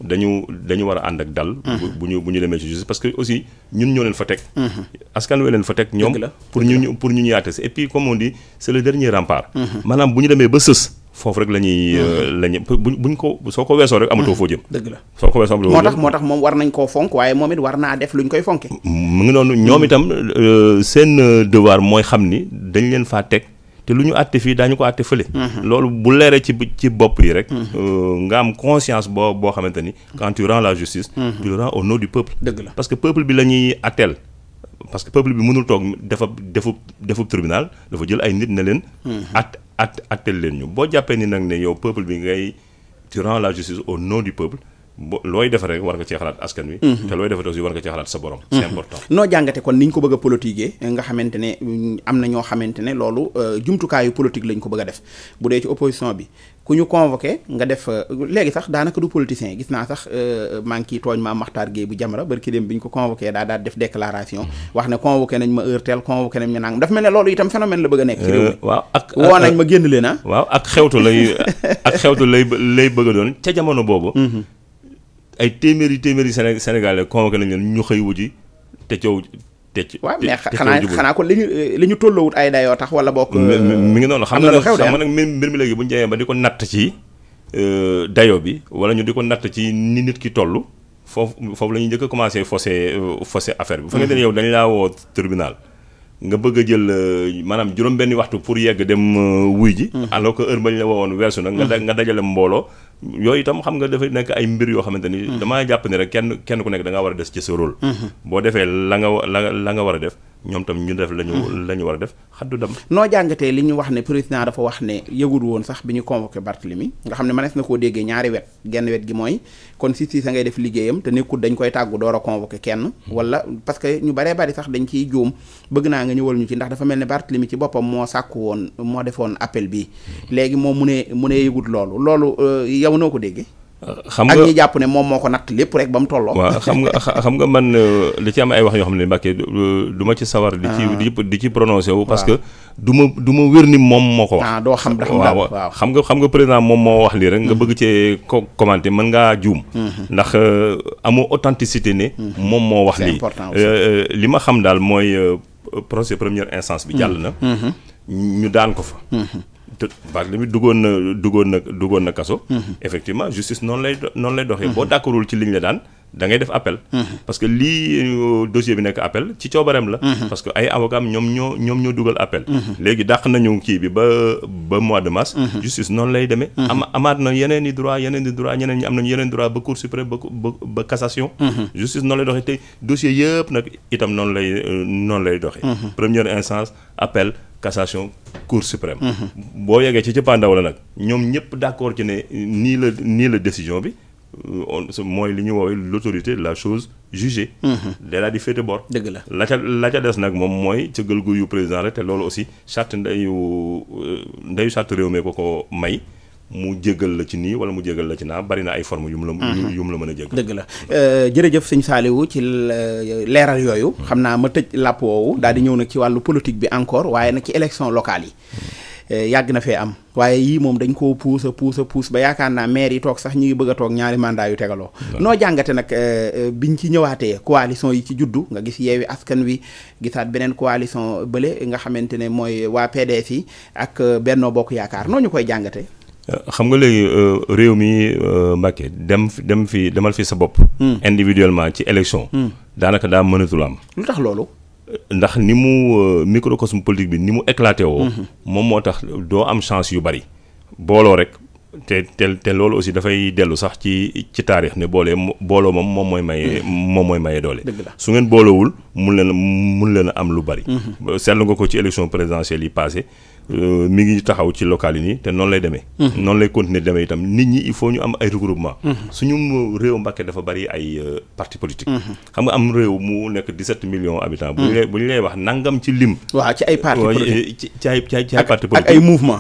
dañu dañu war a ànd ak dal. Mm-hmm. bu ñu bu ñu demee ci justice parce que aussi ñun ñoo leen fa teg. Mm-hmm. askan wi leen fa teg ñoom. pour ñu pour ñu ñu yaate si et puis comme on dit c' est le mm-hmm. maanaam bu ñu demee ba sës. foofu rek la ñuy euh, la ñuy buñ ko soo ko weesoo rek amatoo foo jëm. dëgg la soo ko weesoo amatoo moo tax moo tax moom war nañ koo fonk waaye moom it war naa def luñ koy fonke mu ngi noonu ñoom itam euh, seen devoir mooy xam ni dañu leen faa teg. te lu ñu àtte fii daañu ko àtte fële. Mhm. loolu bu leeree ci ci bopp yi rek. Mhm. Euh, nga am conscience boo boo xamante ni. Mhm. quand tu rends la justice. tu le rends au nom du peuple. dëgg la parce que peuple bi la ñuy àtteel parce que peuple bi mënul toog defab defu defub tribunal dafa jël ay nit ne leen. at at àtteel leen ñu boo jàppee ni nag ne yow peuple bi ngay tu rends la justice au nom du peuple. looy defaree war nga cee xalaat askan wi. Mhm. te looy defar aussi war nga cee sa borom. Mhm. c'est important noo jàngate kon ni ko bëgg a politiquer nga xamante ne mm, am na ñoo xamante ne loolu euh, jumtukaayu politique lañ ko bëgg a def bu dee ci opposition bi ku ñu convoqué nga def euh, léegi sax daanaka du politicien gis naa sax euh, maa ngi ciy tooñ Mame Makhtar Guèye bu Jamra barki dem bi ñu ko convoqué daa daal def déclaration mhm. wax ne convoqué nañ ma heure telle convoqué nañ ma nangam dafa mel ne loolu itam phénomène la a nekk. ci réew mi ma génn leen ah. waaw ak xewtu lay ak xewtu lay lay bëgg a doon ca jamono boobu. ay téeméeri téeméeri Séné Sénégalais ko nañ leen ñu xëy wuji te coow te ci waaw mais xanaa xanaa kon li ñu li ñu tolloowut ay dayoo tax wala bokk. mu ngi noonu xam nga xam nga nag mbir mi léegi bu ñu jegee ba di ko natt ci euh, dayo bi wala ñu di ko natt ci ni nit ki toll foofu foofu la ñuy njëkk commencé faussé faussé affaire bi. bu fekkee ne yow dañu laa woo tribunal nga bëgg a jël euh, maanaam juróom-benni waxtu pour yegg dem euh, wuy ji. Mm-hmm. aloo que heure ba ñu la woowoon weesu nag. nga mm-hmm. dajale mbooloo. yooyu tam xam nga dafay nekk ay mbir yoo xamante ni. Mm-hmm. damaa jàpp ne rek kenn kenn ku nekk da ngaa war a des ci sa rôle. Mm-hmm. boo defee la nga la nga war a def. ñoom tam ñu def lañu hmm. la ñu war a def xaddu dam noo jàngatee li ñu wax ne président dafa wax ne yëgul woon sax bi ñu convoqué mi nga xam ne mënees na koo déggee ñaari wet genn wet gi mooy kon si si sa ngay def liggéeyam te nekkul dañ koy tàggu door a convoqué kenn wala parce que ñu baree bari sax dañ ciy juum bëgg naa nga ñëwal ñu ci ndax dafa mel ne Barthélemy ci boppam moo sàkku woon moo defoon appel bi hmm. léegi moom mu ne mu ne yëgut loolu loolu euh, yow noo ko déggee xam nga jàpp ne moom moo ko natt lépp rek ba mu tolloo. waaw xam nga xam nga man euh, li ci am ay wax yoo xam ne Mbàkke du ma ci sawar. di ci ah. di ci prononcé wu. parce que du ma du ma wér ni moom moo ko wax. Ah, doo xam ndax waaw xam nga xam nga président moom moo wax lii rek. nga mm-hmm. bëgg cee ko commenté man ngaa juum. Mm-hmm. ndax euh, amoo authenticité ne. Mm-hmm. moom moo wax lii euh, li ma xam daal mooy procès première instance bi. jàll na ñu daan ko fa. Barthélemy duggoon na duggoon na duggoon na kaso. Mhm. effectivement justice noonu lay noonu lay doxee. Mhm. boo d'accordul ci liñ la daan da ngay def appel. Mhm. parce que lii euh, dossier bi nekk appel ci coobareem la. parce que ay avocats ñoom ñoo ñoom ñoo dugal appel. léegi dàq nañu kii bi ba ba mois de mars. justice noonu lay demee. ama amaat na yeneen i droit yeneen i droit ñeneen ñi am nañu yeneen droit ba cour suprême ba ba cassation. justice noonu lay doxee te dossier yëpp nag itam noonu lay euh, noonu lay doxee. première instance cassation cour suprême. Mhm. boo yeggee ci cëppaandaw la nag ñoom ñëpp d'accord ci ne nii la nii la décision bi euh, mooy li ñu woowee l'autorité la chose jugée. Mhm. da daal di féete bor. dëgg la la ca la ca des nag moom mooy cëggal gu yu président rek te loolu aussi charte ndeyu euh, ndeyu charte réew mi ko ko may. mu jégal la ci nii wala mu jégal la ci naa bari na ay forme mhm. yu mu la yu mu la mën a jégal dëgg la euh, jërëjëf sëñ Saliou ci euh, leeral yooyu mhm. xam naa ma tëj làpp woowu daal di ñëw nag ci wàllu politique bi encore waaye nag ci élection locale yi mhm. euh, yàgg na fee am waaye yii moom dañ koo puus a puus a puus ba yaakaar naa maire yi toog sax ñu ngi bëgg a toog ñaari mandat yu tegaloo noo jàngate nag biñ ci ñëwaatee coalition yi ci juddu nga gis yeewi askan wi gisaat beneen coalition bële nga xamante ne mooy waa yi ak Benno Bokk Yaakaar noo ñu koy jàngate xam nga léegi euh, réew mi euh, Mbacke dem dem fi demal fi sa bopp. Hmm. individuellement ci élection. Hmm. daanaka daa mënatul am. lu tax loolu. ndax ni mu euh, microcosme politique bi ni mu éclaté woo. Hmm. moom moo tax doo am chance yu bari. booloo rek te te te loolu aussi dafay dellu sax ci ci taarix ne boolee booloo moom moom mooy maye moom mooy maye doole. su ngeen booloowul mun leen mun leen am lu bari. seetlu nga ko ci élection présidentielle yi passé Euh, mi ngi taxaw ci local yi nii te noonu lay demee. Mhm. noonu lay continuer demee itam nit ñi il faut ñu am ay regroupement. Mhm. suñu réew Mbàkke dafa bari ay euh, parti politique. Mhm. xam nga am réew mu nekk 17 millions habitants. bu ñu lay bu ñu lay wax nangam ci lim. waaw ci ay parti politique ci ci ay ci ay ak ay mouvement.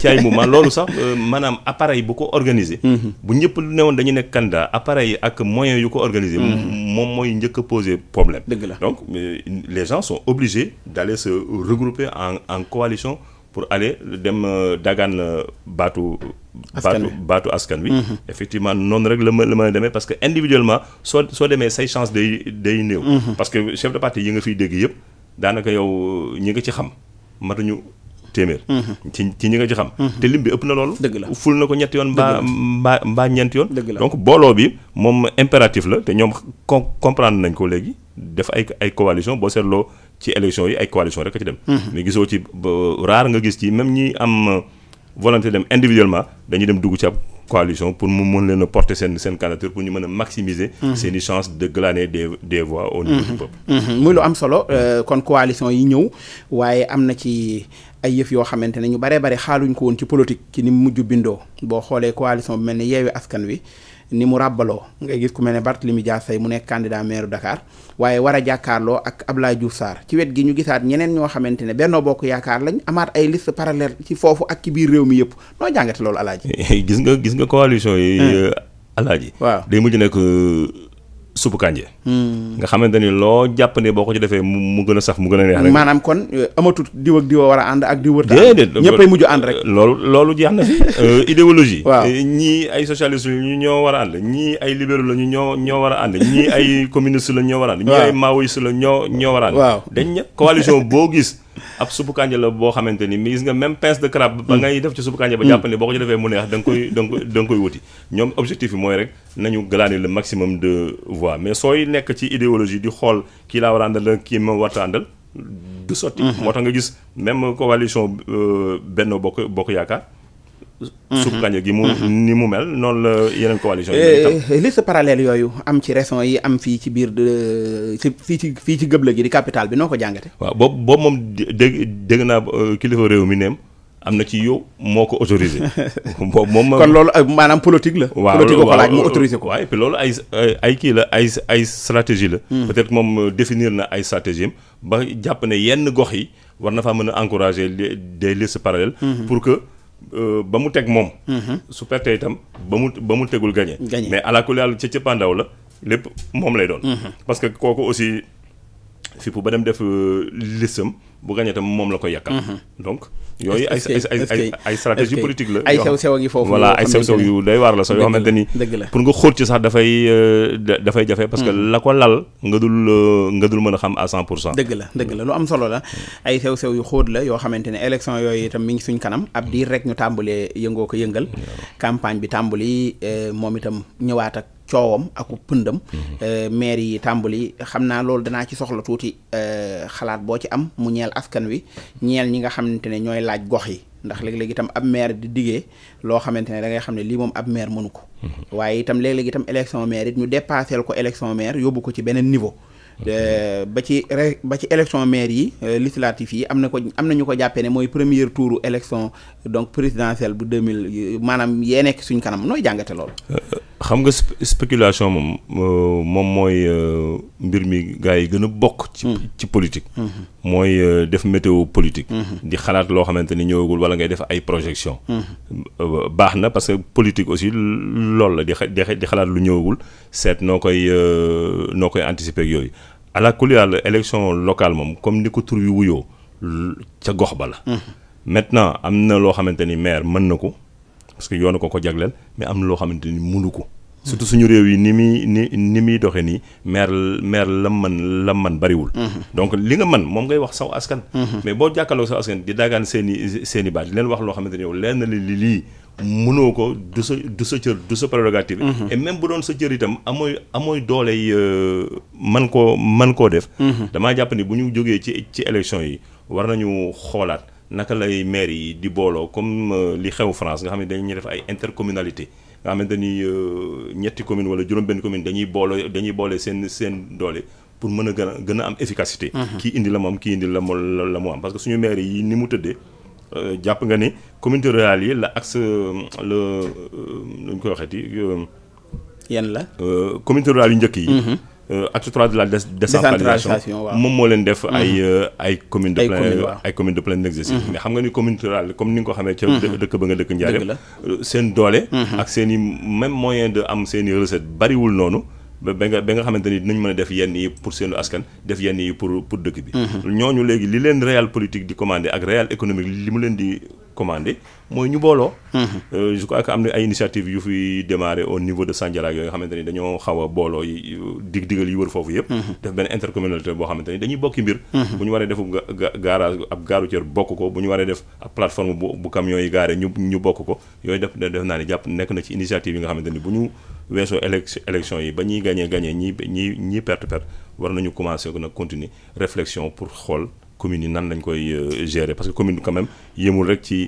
ci ay mouvement loolu sax euh, maanaam appareil bu ko organiser. bu ñëpp lu ne woon dañu nekk candidat appareil ak moyens yu ko organiser. moom mooy njëkk a poser problème. dëgg la donc les gens sont obligés d'aller se regrouper en en coalition. pour aller dem euh, dagaan euh, baatu. askan baatu askan wi. Mhm. effectivement noonu rek la ma la mën a demee parce que individuellement soo soo demee say chance day day néew. Mhm. parce que chef de parti yi nga fiy dégg yëpp daanaka yow ñi nga ci xam mat ñu téeméer. Mhm. ci ci ñi nga ci xam. te lim bi ëpp na loolu. dëgg la ful na ko ñetti yoon. mbaa mbaa mbaa ñeenti yoon. donc booloo bi moom impératif la te ñoom comprendre nañ ko léegi def ay ay coalition boo seetloo. ci élection yi ay coalition rek a ci dem. Mhm. mais gisoo ci rare nga gis ci même ñi am euh, volonté dem individuellement dañuy dem dugg ci ab coalition pour mu mën leen a porter seen seen candidature pour ñu mën a maximiser. Mhm. seen i chance de glaner des des au niveau mhm. muy lu am solo euh, kon coalition yi ñëw waaye am na ci. ay yëf yoo xamante ne ñu baree bare xaaluñ ko woon ci politique ci ni mujj bindoo boo xoolee coalition bi mel ne yeewi askan wi ni mu ràbbaloo ngay gis ku mel ne Barthélemy Dias say mu nekk candidat maire Dakar waaye war a jàkkaarloo ak Abdoulaye Diouf Sarr ci wet gi ñu gisaat ñeneen ñoo xamante ne Benno Bokk Yaakaar lañ amaat ay liste parallèle ci foofu ak ci biir réew mi yëpp noo jàngate loolu alaaji eh, gis nga gis nga coalition yi hmm. alaaji waaw day mujj nekk suppu kànje hmm. nga xamante ni loo jàpp ne boo ko ci defee mu gën a sax mu gën a neex rek maanaam kon euh, amatut diw ak diw war a ànd ak diw wër déedéet ñëppay mujj ànd rek euh, loolu loolu jeex na fi euh, idéologie waaw ñii ay socialiste la ñu ñoo war a ànd ñii ay libéraux la ñu ñoo ñoo war a ànd ñii ay communiste la ñoo war a ànd ñii ay maoïste la ñoo ñoo war a ànd dañ coalition boo gis ab suppu kànja la boo xamante ni mi gis nga même pince de crabe ba ngay def ci suppu kànja ba jàpp ne boo ko ci defee mu neex da koy da nga koy da koy wuti ñoom objectif bi mooy rek nañu glaner le maximum de voix mais sooy nekk ci idéologie di xool kii laa war kii ma war a àndal sotti mhm. moo tax nga gis même coalition euh, benn Bokk Bokk Yaakaar Mhm. suuf kañ gi mu mhm. ni mu mel noonu la yeneen coalition yi. Eh, liste eh, parallèle yooyu am ci régions yi am fii ci biir fii ci fii ci gëblë gi di capital bi noo ko jàngate waaw boobu boobu moom dégg dégg naa euh, kilifa réew mi neem am na ci yow moo ko autorisé. boobu moom kon loolu euh, maanaam politique la. waaw ko laaj mu autorisé ko. loolu ay ay kii la ay stratégie la. Hmm. peut moom euh, définir na ay stratégie ba jàpp ne yenn gox yi war na faa mën a encourager des listes parallèles hmm. pour que. Euh, ba mu teg moom. Mhm. su pertee itam ba mu ba mu tegul gagné. mais alaakulli àll ca cëppaandaw la lépp moom lay doon. Mhm. parce que kooku aussi fippu ba dem def euh, listam bu gagné tam moom la ko yàqal. Mhm. donc yooyu ay ay ay stratégie politique la. ay sew sew a ngi foofu voilà ay sew sew yu day waar la sax yoo xamante ni. pour nga xóot ci sax dafay euh, dafay jafe. parce que mhm. la ko lal nga dul euh, nga dul mën a xam à 100 pour cent. dëgg la dëgg la lu am solo la mhm. ay sew sew yu xóot la yoo xamante ni élection yooyu itam mi ngi suñ kanam ab diir rek ñu tàmbalee yëngoo ko yëngal campagne bi tàmbali euh, moom itam ñëwaat ak. coowam ak pëndam mhm. euh, maire yi tàmbali xam naa loolu danaa ci soxla tuuti euh, xalaat boo ci am mu ñeel askan wi ñeel ñi nga xamante ne ñooy laaj gox yi ndax léeg léegi itam ab maire di diggee loo xamante ne da ngay xam ne lii moom ab maire mënu ko mhm. waaye itam léeg-léeg itam élection maire it ñu dépasseel ko élection maire yóbbu ko ci beneen niveau Euh, ba ci re ba ci élection maire yi euh, législatif yi am na ko am na ñu ko jàppee ne mooy première tour élection donc présidentielle bu 2000 maanaam yee nekk suñ kanam nooy jàngate loolu. Euh, xam nga spéculation moom moom mooy mbir mi gars yi gën a bokk. ci hmm. ci politique. Hmm. mooy def météo politique. Hmm. di xalaat loo xamante ni ñëwagul wala ngay def ay projection baax na parce que politique aussi loolu la di xalaat lu ñëwagul seet noo koy noo koy anticiper yooyu. ala kulli yàlla élection moom comme ni ko tur yu wuyoo ca gox ba la. Mhm. maintenant am na loo xamante ni maire mën na ko parce que ko ko jagleel mais am na loo xamante ni mënu ko. surtout suñu réew yi ni muy ni ni muy doxee nii maire maire la man la man bariwul. Mhm. donc li nga man moom ngay wax saw askan. Mhm. mais boo jàkkaloo saw askan di daagaan seen i seen i baat di leen wax loo xamante ni yow leer na li lii. mënoo ko du sa du sa cër du sa prérogative. Mhm. et même bu doon sa cër itam amooy amooy doole euh, man koo man koo def. Mhm. damaa jàpp ni bu ñu jógee ci ci élection yi war nañu xoolaat naka lay maire yi di booloo comme euh, li xew France nga xam ne dañuy def ay intercommunalité nga xamante ni euh, ñetti commune wala juróom-benn commune dañuy booloo dañuy boole seen seen doole. pour mën a gën a gën a am efficacité. Mhm. kii indi la mu am kii indi la mu la mu am parce que suñu maire yi ni mu tëddee. Euh, jàpp nga ni communauté rurale yi la axe euh, le lu euh, ñu koy waxeeti. yan la. communauté rurale yu njëkk yi. Mm-hmm. acte trois de la décentralisation moom moo leen def mm-hmm. ay ay commune de plein ay commune de plein exercice mm-hmm. mais xam nga ni commune rurale comme ni nga ko xamee ca dëkk ba nga dëkk Njaaréem seen doole ak seen i même moyen de am seen i recette bariwul noonu ba ba nga ba nga xamante ni dinañ a def yenn yi pour seenu askan def yenn yi pour dëkk bi mhm. ñooñu léegi li leen réel politique di commandé ak réel économique li mu leen di commandé mooy ñu booloo. Mhm. Euh, je crois que am na ay initiative yu fi démarré au niveau de Sandiara yooyu nga xamante ni dañoo xaw a booloo yi dig digal yi wër foofu yëpp. Mhm. def benn intercommunalité boo xamante ni dañuy bokki mbir. Mhm. bu ñu waree def garage ab gaaru cër bokk ko bu ñu waree def ab plateforme bu bu camion yi gaaree ñu ñu bokk ko yooyu def def naa ne jàpp nekk na ci initiative yi nga xamante ni bu ñu weesoo élection yi ba ñuy gagné gagné ñi ñi ñi perte perte war nañu commencé nag continuer réflexion pour xool. commune yi nan lañ koy euh, gérer parce que commune bi quand même rek ci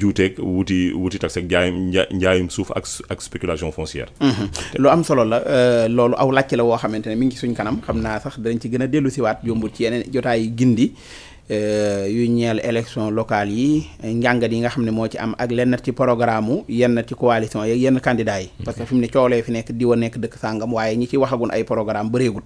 juuteeg wuti wuti tax ak jaayum njaayum suuf ak ak spéculation foncière. Mm-hmm. lu am solo la euh, loolu aw làcc la woo xamante ne mu ngi suñ kanam xam naa sax danañ ci gën a dellu siwaat yombul ci yeneen jotaayu gindi. Euh, yu ñeel élection local yi njàngat yi nga xam ne moo ci am ak lenn ci programme mu yenn ci coalition yeeg yenn candidat yi parce que fi mu ne coolee fi nekk diwa nekk dëkk sàngam waaye ñi ci waxagun ay programme bëreegut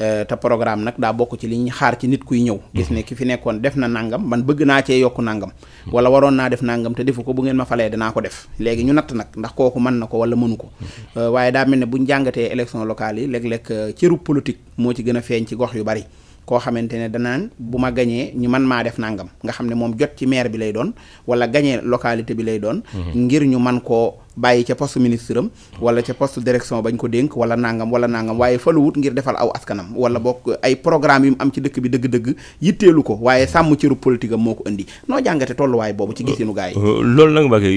euh, te programme nag daa bokk ci li ñu xaar ci nit kuy ñëw gis ne mhm. ki fi nekkoon def na nangam man bëgg naa cee yokk nangam mhm. wala waroon naa def nangam te defu ko bu ngeen ma falee danaa ko def léegi ñu natt nag ndax kooku mën na ko wala mënu ko mhm. euh, waaye mel ne buñ jàngatee élection locale yi léeg-léeg cërub politique moo ci gën a feeñ ci gox yu bari koo xamante ne danaan bu ma gañee ñu man maa def nangam nga xam ne moom jot ci maire bi lay doon wala gañee localité bi lay doon mhm. ngir ñu man koo bàyyi ca post ministre am wala ca post direction bañ ko dénk wala nangam wala nangam waaye faluwut ngir defal aw askanam wala bokk ay programme yu mu am ci dëkk bi dëgg-dëgg yitteelu ko waaye sàmm cëru politique am moo ko indi noo jàngate tolluwaay boobu ci gisinu gaa yi euh, loolu nag Mbacke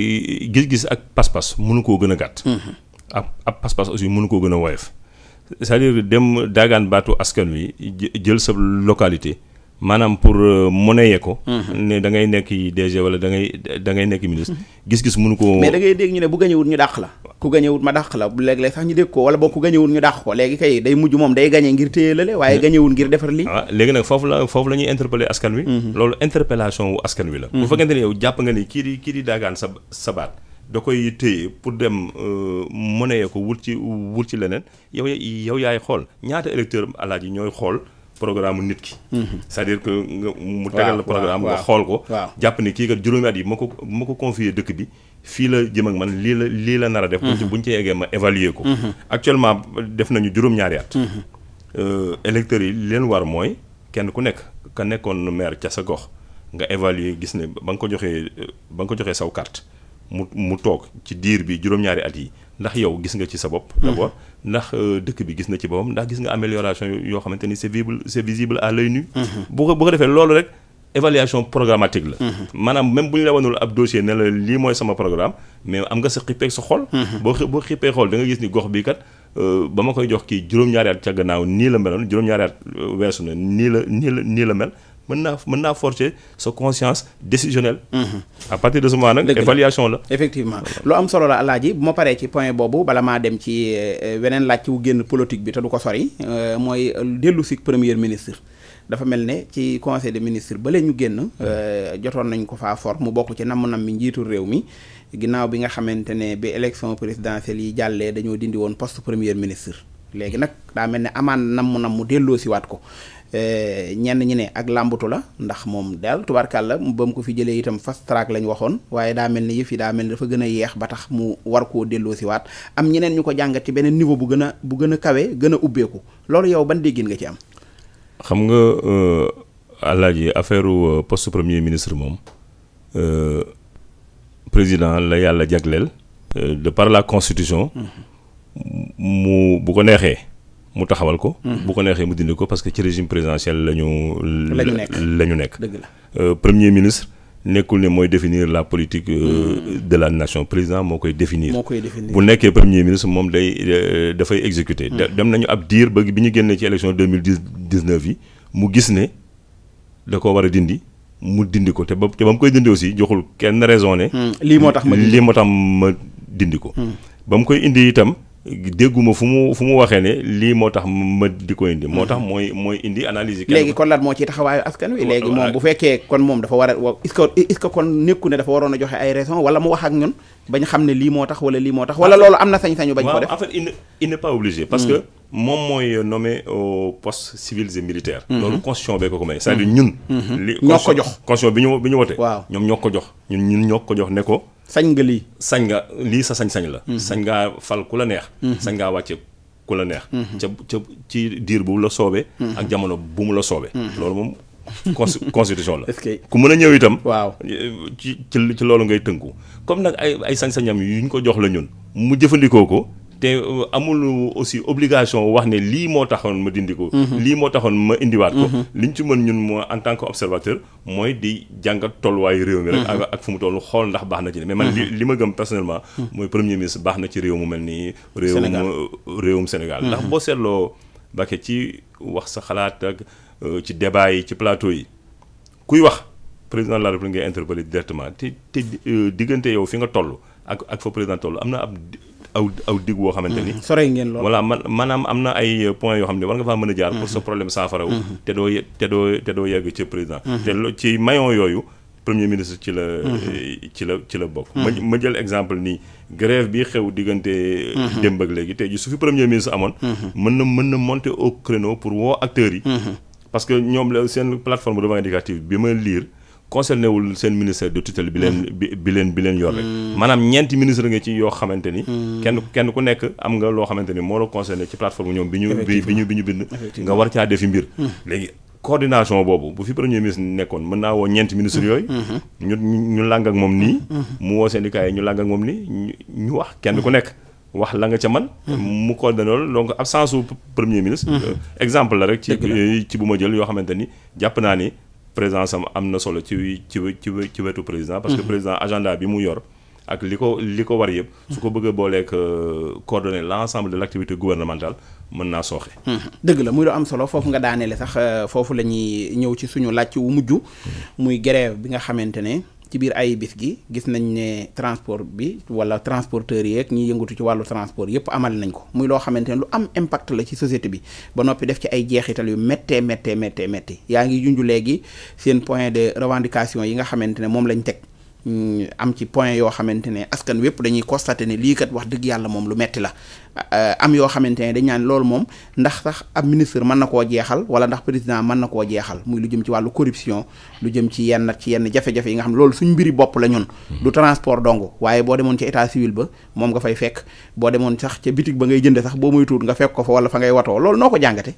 gis-gis ak pas-pas koo gën a gàtt mhm. ab ab aussi mënu koo gën a woyof c'est-à-dire dem daagaan baatu askan wi jël sa localité maanaam pour euh, monnayer ko. Mhm. ne da ngay nekk DG wala da ngay da ngay nekk ministre. Mhm. gis-gis mënu ko mais da ngay dégg ñu ne bu gañewut ñu dàq la. ku gañewut ma dàq la bu léeg-léeg sax ñu dégg ko wala boo ku gañewut ñu dàq ko léegi kay day mujj moom day gañe ngir téye lale waaye mhm. gañewut ngir defar lii. waaw ah, léegi nag foofu la foofu la ñuy interpeller askan wi. loolu interpellation wu askan wi la. bu fekkente ne yow jàpp nga ni kii di kii di daagaan sa sa da koy téye pour dem euh, monnaie ko wut ci wut ci leneen yow yow yaay xool ñaata électeur alaaj yi ñooy xool programme nit ki mhm. c'est-à-dire que nga mu tegal la programme nga xool ko jàpp ni kii kat juróomi at yi ma ko ma ko confier dëkk bi fii la jëm ak man lii la lii la nar def mhm. bu ñu ci yeggee ma évaluer ko mhm. actuellement def nañu juróom-ñaari at euh, électeurs yi leen war mooy kenn ku nekk ka nekkoon maire ca sa gox nga évaluer gis ne ba nga ko joxee ba nga ko joxee saw carte mu mu toog ci diir bi juróom-ñaari at yi ndax yow gis nga ci sa bopp. Hmm. d'abord ndax euh, dëkk bi gis na ci boppam ndax gis nga amélioration yoo xamante ni c'est visible c'est visible à hmm. bu ko bu ko loolu rek évaluation programmatique la. Hmm. maanaam même bu ñu la wanul ab dossier ne la lii mooy sama programme mais am nga sa xippeeg sa xol. boo boo xippee xol gis ni gox bii kat. Euh, ba ma koy jox kii juróom ca gannaaw nii la meloon juróom-ñaari at euh, weesu na nii la nii la nii la mel mën naa mën naa forger sa conscience décisionnelle. Mm-hmm. à partir de ce moment nag. évaluation la effectivement lu am solo la alaaji bu ma paree ci point boobu bala maa dem ci euh, weneen laaj ci wu génn politique bi te du ko sori euh, mooy dellu si premier ministre. dafa mel ne ci conseil de ministre bale ñu génn euh, jotoon nañ ko faa for mu bokk ci namm-nam mi njiitu réew mi ginnaaw bi nga xamante ne bi élection présidentielle yi jàllee dañoo dindi woon poste premier ministre léegi nag daa mel ne amaan namm-nam mu delloo siwaat ko Eh, ñenn ñi ne ak làmbatu la ndax moom daal tubarkal la ba mu ko fi jëlee itam fast track lañ waxoon waaye daa mel ni yëf yi daa mel ni dafa gën a yeex ba tax mu war koo delloo siwaat am ñeneen ñu ko jàngat ci beneen niveau bu gën a bu gën a kawe gën ubbeeku loolu yow ban déggin nga ci am. xam nga euh, alaaji affaire euh, poste premier ministre moom euh, président la yàlla jagleel. de par la constitution. Mhm. mu bu ko neexee. mu taxawal ko. Mhm. bu ko neexee mu dindi ko parce que ci régime présidentiel la ñu. la nekk la ñu nekk. dëgg la euh, premier ministre nekkul ne mooy définir la politique. Euh, mhm. de la nation président moo koy définir. moo koy définir bu nekkee premier ministre moom day euh, dafay exécuter. Mhm. dem nañu ab diir ba bi ñu génnee ci élection deux mille dix neuf yi mu gis ne da ko war a dindi. mu dindi ko te ba te ba mu koy dindi aussi joxul kenn raison ne. lii moo tax ma dindi lii moo tax ma dindi ko. ba mu koy indi itam. dégguma fu mu fu mu waxee ne lii moo tax ma di ko indi. moo tax mhm. mooy mooy indi analyse. kenn léegi kon lan moo ci taxawaayu askan wi. léegi moom bu fekkee kon moom dafa war a est-ce kon nekku ne dafa waroon a joxe ay raison wala mu wax ak ñun bañ xam ne lii moo tax wala lii moo tax. wala loolu am na sañ-sañu bañ ko def en fait il parce que mhm. moom mooy nommé post poste militaire et mhm. militaires. loolu constitution bee ko ko may. cest à ñun. li ñoo ko jox constitution bi ñu bi ñu wote. waaw ñoom ñoo ko jox ñun ñun ñoo ko jox ne ko. sañ nga lii sañ nga lii sa sañ-sañ la mhm. sañ ngaa fal ku la neex mhm. sañ ngaa wàcce ku la neex mhm. ci diir bu la soobee ak jamono bu mu la soobee loolu moom constitution la ku mën a ñëw itam waaw ci ci loolu ngay tënku comme nag ay ay sañ-sañam yu ñu ko jox la ñun mu jëfandikoo ko te euh, amul aussi obligation wax ne lii moo taxoon ma dindi ko. Mhm. lii moo taxoon ma indiwaat ko. Mhm. liñ ci mën ñun moo en tant que observateur mooy di jàngat tolluwaayu réew mi rek. Mhm. ak fu mu toll xool ndax baax na ci ne mais man li li ma gëm personnellement. mooy premier ministre baax na ci réew mu mel nii. Sénégal réewum réewum Sénégal. ndax boo seetloo Mbacké ci wax sa xalaat ak euh, ci débat yi ci plateau yi kuy wax président la République ngay interpellé directement te te euh, diggante yow fi nga toll ak ak fa président toll am na ab. aw aw dig woo xamante ni mm-hmm. sore ngeen lool voilà man maanaam am na ay euh, points yoo xam ne war nga faa mën a jaar pour sa mm-hmm. problème saafara wu mm-hmm. te doo te doo te doo yegg ci président te ci mayon yooyu premier ministre ci la ci la ci la bokk ma ma jël exemple nii grève bi xew diggante démb ak léegi te ji su fi premier ministre amoon mën na mën na monter au créneau pour woo acteurs yi parce que ñoom la seen plateforme revendicative bi ma liir concerné wul seen ministère de tutelle bi leen mm. bi bi leen bi leen yor rek mm. maanaam ñeenti ministre nga ci yoo xamante ni mm. kenn kenn ku nekk am nga loo xamante ni moo la concerné ci plateforme ñoom bi ñu ñu bi ñu bind nga war caa defi mbir léegi coordination boobu bu fi premier ministre nekkoon mën naa woo ñeenti ministre yooyu mm-hmm. Mm-hmm. ñu ñu làng ak moom nii mm-hmm. mu woo syndicat yi ñu làng ak moom nii ñu wax kenn ku nekk wax la nga ca man mu coordonné loolu donc absence su premier ministre euh, exemple rek ci ci bu ma jël yoo xamante ni jàpp naa ni présence am am na solo ci ci ci wetu président parce que mhm. président agenda bi mu yor ak li ko li ko war yëpp su ko bëggee booleek euh, coordonner l'ensemble de l'activité gouvernementale mën naa sooxe mhm. dëgg la muy lu am solo foofu nga daaneele sax euh, foofu la ñuy ñëw ci suñu laaj wu mujj mhm. muy grève bi nga xamante ci biir ay bis gi gis nañ ne transport bi wala transporteurs yeeg ñiy yëngatu ci wàllu transport yëpp amal nañ ko muy loo xamante ne lu am impact la ci société bi ba noppi def ci ay jeexital yu méttee méttee méttee métti yaa ngi junj léegi seen point de revendication yi nga xamante ne moom lañ teg Mm, am ci point yoo xamante ne askan wépp dañuy constater ne lii kat wax dëgg yàlla moom lu metti la euh, am yoo xamante ne dañ naan loolu moom ndax sax ab ministre mën na koo jeexal wala ndax président mën na koo jeexal muy lu jëm ci wàllu corruption lu jëm ci yenn ci yenn jafe-jafe yi nga xam ne loolu suñ mbiri bopp la ñun hmm. du transport dong waaye boo demoon ca état civil ba moom nga fay fekk boo demoon sax ca bitig ba ngay jënde sax boo muy tuut nga fekk fa wala fa ngay watoo loolu noo ko jàngate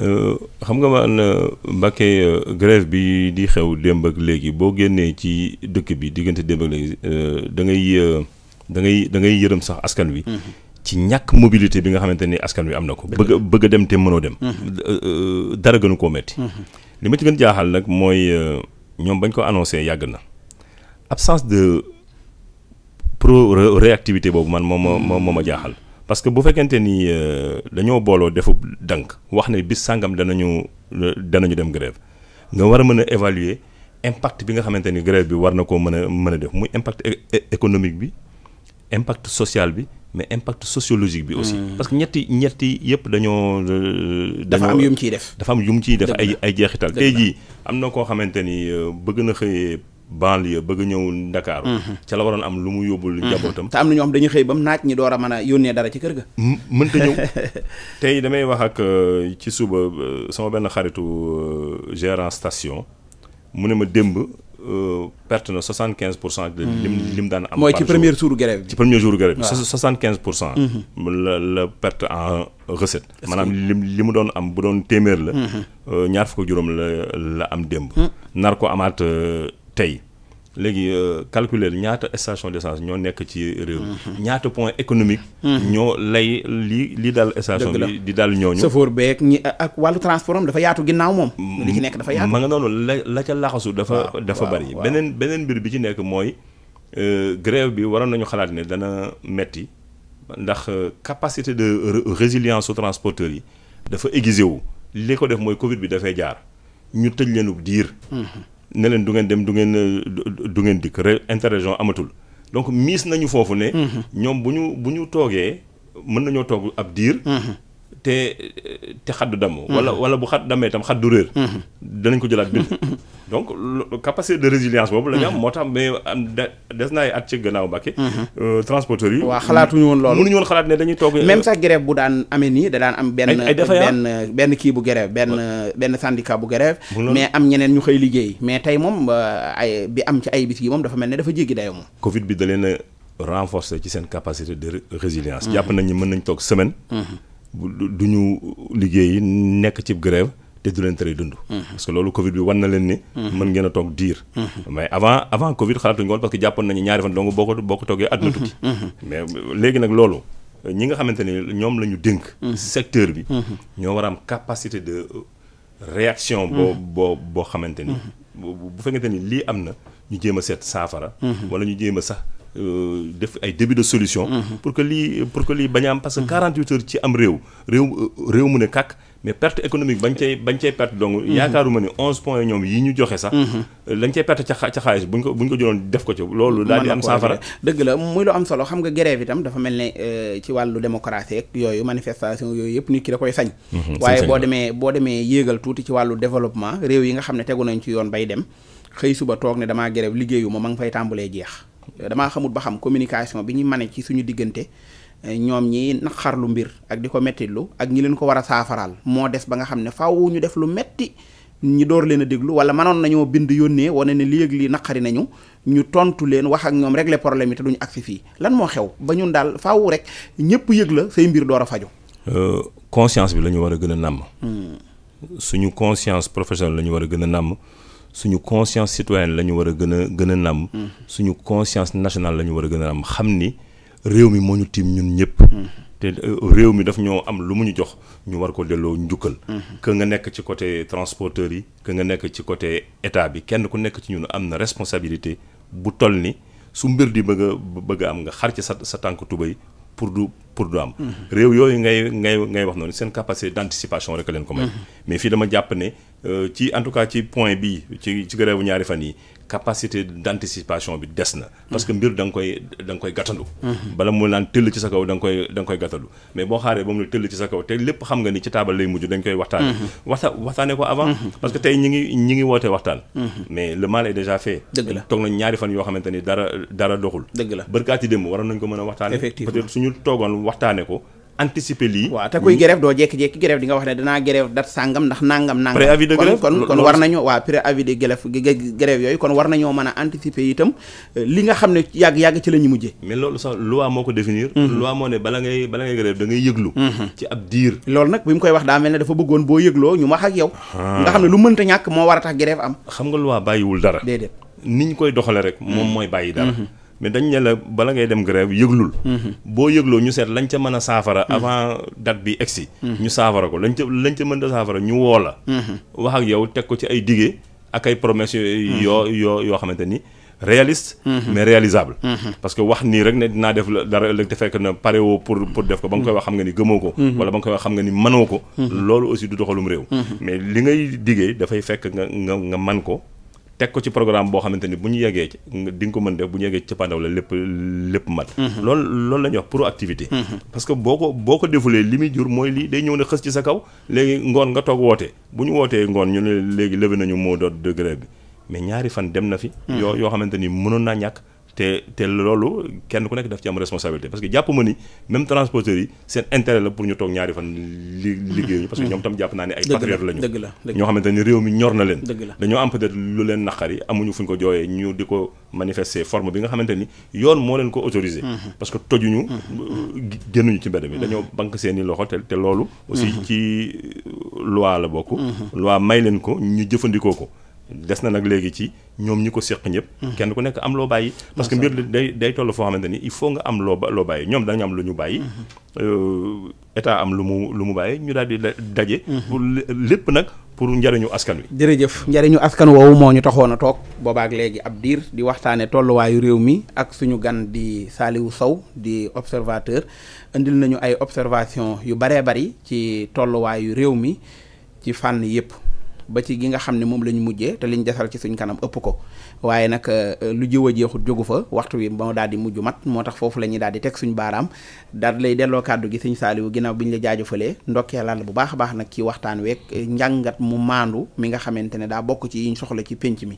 Euh, xam nga maan euh, Mbàkke euh, grève bi di xew démb ak léegi boo génnee ci dëkk bi diggante démb ak léegi da ngay da ngay da ngay yërëm sax askan wi. Mhm. ci ñàkk mobilité bi nga xamante ni askan wi am na ko. bëgg bëgg a dem te mënoo dem. Mhm. dara gënu koo metti mhm. li ma ci gën jaaxal nag mooy ñoom bañ ko annoncé yàgg na absence de pro réactivité boobu man moo moo moo ma jaaxal. parce que bu fekkente ni euh, dañoo booloo defub dank wax ne bis sàngam danañu danañu dem grève nga war a mën a évaluer impact bi nga xamante ni grève bi war na ko mën a mën a def muy impact économique bi impact social bi mais impact sociologique bi aussi. Mm-hmm. parce que ñetti ñetti yëpp dañoo. Euh, dafa am yu ciy def dafa am yu ciy def ay ay jeexital. tey jii am na koo xamante ni euh, bëgg na xëyee. banlieue bëgg a ñëw Ndakaaru mhm. ca la waroon am lu mu yóbbul mhm. njabootam te am na ñoo xam dañu xëy ba mu naaj ñi door a mën a yónnee dara ci kër ga mënta ñëw tey damay wax ak euh, ci suba euh, sama benn xaritu euh, gérant mu ne ma démb perte na 75 pour cent. lim mhm. lim daan am. mooy ci premier jour grève bi. ci premier jour grève bi 75 pour cent. la la perte en maanaam lim li mu doon am bu doon téeméer la. ñaar fukk juróom la la am démb. nar ko amaat. tey léegi euh, calculer ñaata station d'essence ñoo nekk ci réew mhm. ñaata point économique. Mhm. ñoo lay li li dal station bi di dal ñooñu. safoor beeg ñi ak wàllu transport am dafa yaatu ginnaaw moom. Mm, li ci nekk dafa yaatu ma nga noonu la la ca laxasu dafa dafa bari beneen beneen mbir bi ci nekk mooy euh, grève bi waroon nañu xalaat ne dana metti ndax euh, capacité de résilience aux transporteurs yi dafa aiguisé wu li ko def mooy Covid bi dafay jaar ñu tëj leenu diir. Mhm. ne leen du ngeen dem du ngeen du ngeen dikk interrégion amatul donc miis nañu foofu ne mhm. ñoom bu ñu bu ñu toogee mën nañoo toog ab diir mhm. te te xaddu damm mm-hmm. wala wala bu xat dammee itam xaddu réer mm-hmm. danañ ko jëlaat bind donc capacité de résilience boobu la ñu am mm-hmm. moo tax mais am des na ay at ci gannaaw euh, yi waaw xalaatuñu woon loolu mënuñu woon xalaat ne dañuy toog même euh, sax grève bu daan amee nii da am benn benn benn kii bu grève benn benn syndicat bu grève mais am ñeneen ñu xëy liggéey mais tey moom euh, ay bi am ci ay bis yi moom dafa mel ne dafa jéggi dayo moom covid bi da leen a renforcer ci seen capacité de résilience jàpp nañ ñi mën nañ toog semaine du ñu liggéey nekk ci grève te du leen tere dund. Mhm. parce que loolu Covid bi wan na leen ni. Mhm. mën ngeen a toog diir. Mhm. mais avant avant Covid xalaatuñu ko woon parce ñaari fan donc boo ko boo ko toogee mais léegi nag loolu ñi nga xamante ni ñoom lañu ñu dénk. secteur bi. ñoo war a am capacité de euh, réaction. boo boo boo xamante ni. bu bu fekkente ni lii am na ñu jéem a seet saafara. wala ñu jéem a sax. Euh, def ay début de solution. Mm-hmm. pour que lii pour que lii bañ a am parce que 48 mm-hmm. heures ci am réew. réew euh, réew mu ne kàkk mais perte économique bañ cay bañ cay perte donc. Mm-hmm. yaakaaruma ne 11 points yi ñoom yi ñu joxe sax. Euh, lañ cay perte ca ca xaalis buñ ko buñ ko jëloon def ko ci loolu. daal di am saafara dëgg la muy lu am solo xam nga grève itam dafa mel ne ci wàllu démocratie ak yooyu manifestation yooyu yëpp nit ki da koy sañ. waaye boo demee boo demee yéegal tuuti ci wàllu développement réew yi nga xam ne tegu nañ ci yoon bay dem xëy suba toog ne damaa grève liggéeyu ma ma nga fay tàmbalee jeex damaa xamut ba xam communication bi ñu manee ci suñu diggante eh, ñoom ñi naqarlu mbir ak di ko mettitlu ak ñi leen ko war a saafaraal moo des ba nga xam ne faw ñu def lu metti ñi door leen déglu wala mënoon nañoo bind yónnee wane ne lii ak lii naqari nañu ñu tontu leen wax ak ñoom régler problème yi te duñu agsi fii lan moo xew ba ñun daal faaw rek ñëpp yëg la say mbir door a faju euh, conscience bi la ñu war a gën a nàmm. Hmm. suñu conscience professionnelle la ñu war a gën a nàmm. suñu conscience citoyenne la ñu war a gën a gën a nam mm-hmm. suñu conscience nationale lañu war a gën a nam xam ni réew mi moo ñu tiim ñun ñëpp mm-hmm. te euh, réew mi daf ñoo am lu mu ñu jox ñu war ko delloo njukkal mm-hmm. que nga nekk ci côté transporteur yi que nga nekk ci côté état bi kenn ku nekk ci ñunu am na responsabilité bu toll ni su mbir di bëgg a bëgg am nga xar ci sa sa tànk tubéy pour du pour du am. réew yooyu ngay ngay ngay wax noonu seen capacité d' anticipation rek leen ko may. mais fii dama jàpp ne euh, ci en tout cas ci point bii ci ci ñaari fan yi capacité d' anticipation bi des na. parce que mbir da nga koy da nga koy gàttandu. bala mu naan tëll ci sa kaw da koy da nga mais boo xaaree ba mu ne tëll ci sa kaw te lépp xam nga ni ci taabal lay mujj dañ koy waxtaanee. waxtaanee ko avant. parce que tey ñi ngi ñi waxtaan. mais le mal est déjà fait. a waxtaane ko anticiper lii waaw te kuy grève doo jékki-jékki grève di nga wax ne danaa grève dat sàngam ndax nangam nangam préavis de grève kon kon war nañoo waaw préavis de grève grève yooyu kon war nañoo mën a anticiper itam euh, li nga xam ne yàgg-yàgg ci la ñu mujjee loolu sax loi moo ko définir mhm. loi moo ne bala ngay bala ngay da ngay yëglu mhm. ci ab diir loolu nag bi mu koy wax daa mel ne dafa bëggoon boo yëgloo ñu wax ak yow ah. nga xam ne lu mënta ñàkk a tax grève am xam nga loi bàyyiwul dara déedéet mais dañ ne la bala ngay dem grève yëglul mhm. boo yëgloo ñu seet lañ ca mën a saafara mhm. avant date bi egsi mhm. ñu saafara ko lañ ca lañ ca mën da saafara ñu woo la wax ak yow teg ko ci ay digee ak ay promesses yoo yoo yoo xamante ni réaliste mais réalisable parce que wax nii rek ne dinaa def dara ëllëg te fekk na pare pour def ko ba nga koy wax xam nga ni gëmoo ko wala ba nga koy wax xam nga ni mënoo ko loolu aussi du doxalum réew mais li ngay diggee dafay fekk nga nga nga man ko teg ko ci programme boo xamante ni bu ñu yeggee ci di nga ko mën def bu ñu yeggee ci la lépp lépp mat mhm. loolu loolu la ñuy wax proactivité mhm. parce que boo ko boo ko defulee li mooy lii day ñëw ne xës ci sa kaw léegi ngoon nga toog woote bu ñu wootee ngoon ñu ne léegi nañu mot de grève bi mais ñaari fan dem na fi mhm. yoo yoo xamante ni naa ñàkk te te loolu kenn ku nekk daf ci am responsabilité parce que jàpp ma ni même transporteurs yi seen intérêt la pour ñu toog ñaari fan li liggéeyuñu parce que mm-hmm. ñoom tam jàpp naa ne ay patriotes lañu ñoo xamante ni réew mi ñor na leen dañoo am peut-être lu leen naqari amuñu fu ñu ko jooyee ñu di ko manifester forme bi nga xamante ni yoon moo leen ko autorisé mm-hmm. parce que tojuñu mm-hmm. génnuñu ci mbedd mi dañoo banque seen i loxo te te loolu aussi ci euh, loi la bokk loi may leen ko ñu jëfandikoo ko des na nag léegi ci ñoom ñi ko séq ñëpp mhm. kenn ku nekk am loo bàyyi parce que mbir day day toll foo xamante ni il faut nga am loo loo bàyyi ñoom dañu am lu ñu bàyyi mhm. euh, état am lu mu lu mu bàyyi ñu daal di daje mhm. pour lépp nag pour njariñu askan wi jërëjëf njariñu askan woowu moo ñu taxoon a toog boobaak léegi ab diir di waxtaane tolluwaayu réew mi ak suñu gan di Saliou Sow di observateur indil nañu ay observation yu baree bari ci tolluwaayu réew mi ci fànn yëpp ba ci gi nga xam ne moom la ñu mujjee te liñ desal ci suñ kanam ëpp ko waaye nag euh, euh, lu jiw a jeexut jógu fa waxtu wi moo daal mujj mat moo tax foofu la ñuy daal di teg suñ baaraam daal lay delloo kàddu gi suñ saaliwu ginnaaw bi ñu la jaajëfalee ndokkee lal bu baax a baax nag ci waxtaan week euh, njàngat mu maandu mi nga xamante ne daa bokk ci yiñ soxla ci pénc mi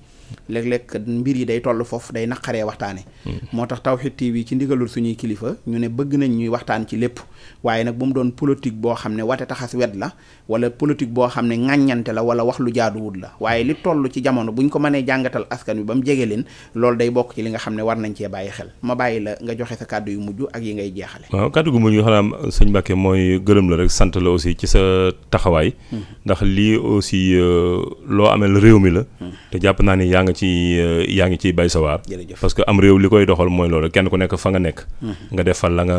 léeg-léeg mbir yi day toll foofu day naqaree waxtaane mm-hmm. moo tax Tawhid TV ci ndigalul suñuy kilifa ñu ne bëgg nañ ñuy waxtaan ci lépp waaye nag bu mu doon politique boo xam ne wate taxas wet la wala politique boo xam ne ŋàññante la wala wax lu jaaduwul la waaye li toll ci jamono bu ñu ko mënee jàngatal askan wi ba mu jege leen loolu day bokk ci li nga xam ne war nañ cee bàyyi xel ma bàyyi la nga joxe sa kàddu yu mujj ak yi ngay jeexale waaw kàddu gu mujj xanaa sëñ mooy gërëm la rek sant aussi ci sa taxawaay mm-hmm. ndax lii aussi euh, loo amel réew mi la mm-hmm. yaa ngi ciy euh, yaa ngi ciy bay sawaar parce que am réew li koy doxal mooy loolu kenn ku nekk fa nga nekk mm-hmm. nga def fa la nga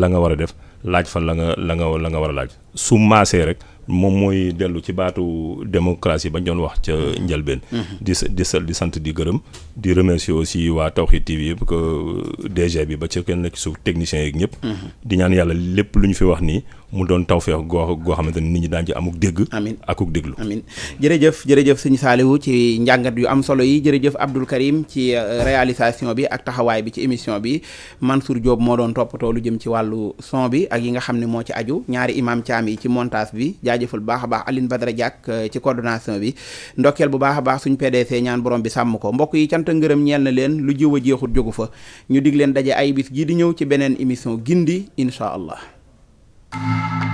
la nga war a def laaj fa la nga la nga la nga war a laaj su maasee rek moom mooy dellu ci baatu ba bañ doon wax ca njëlbeen. Mm-hmm. di di di sant di gërëm di remercier aussi waa taw Tawhid TV yëpp que DG bi ba ci kenn nekk suuf technicien yeeg ñëpp mm-hmm. di ñaan yàlla lépp lu ñu fi wax nii mu doon tawfeex goo goo xamante ni nit ñi daan ci amuk dégg amin akuk déglu amin jërëjëf jërëjëf sëñ Saaliwu ci njàngat yu am solo yi jërëjëf Abdoul Karim ci euh, réalisation bi ak taxawaay bi ci émission bi Mansour Diop moo doon toppatoo lu jëm ci wàllu son bi ak yi nga xam ne moo ci aju ñaari imam Thiam yi ci montage bi jaajëful baax a baax Aline Badara Diak euh, ci coordination bi ndokkeel bu baax a baax suñ PDC ñaan borom bi sàmm ko mbokk yi cant ngërëm ñeel na leen lu jiw a jeexut jógu fa ñu dig leen daje ay bis gii di ñëw ci beneen émission gindi incha allah Thank you.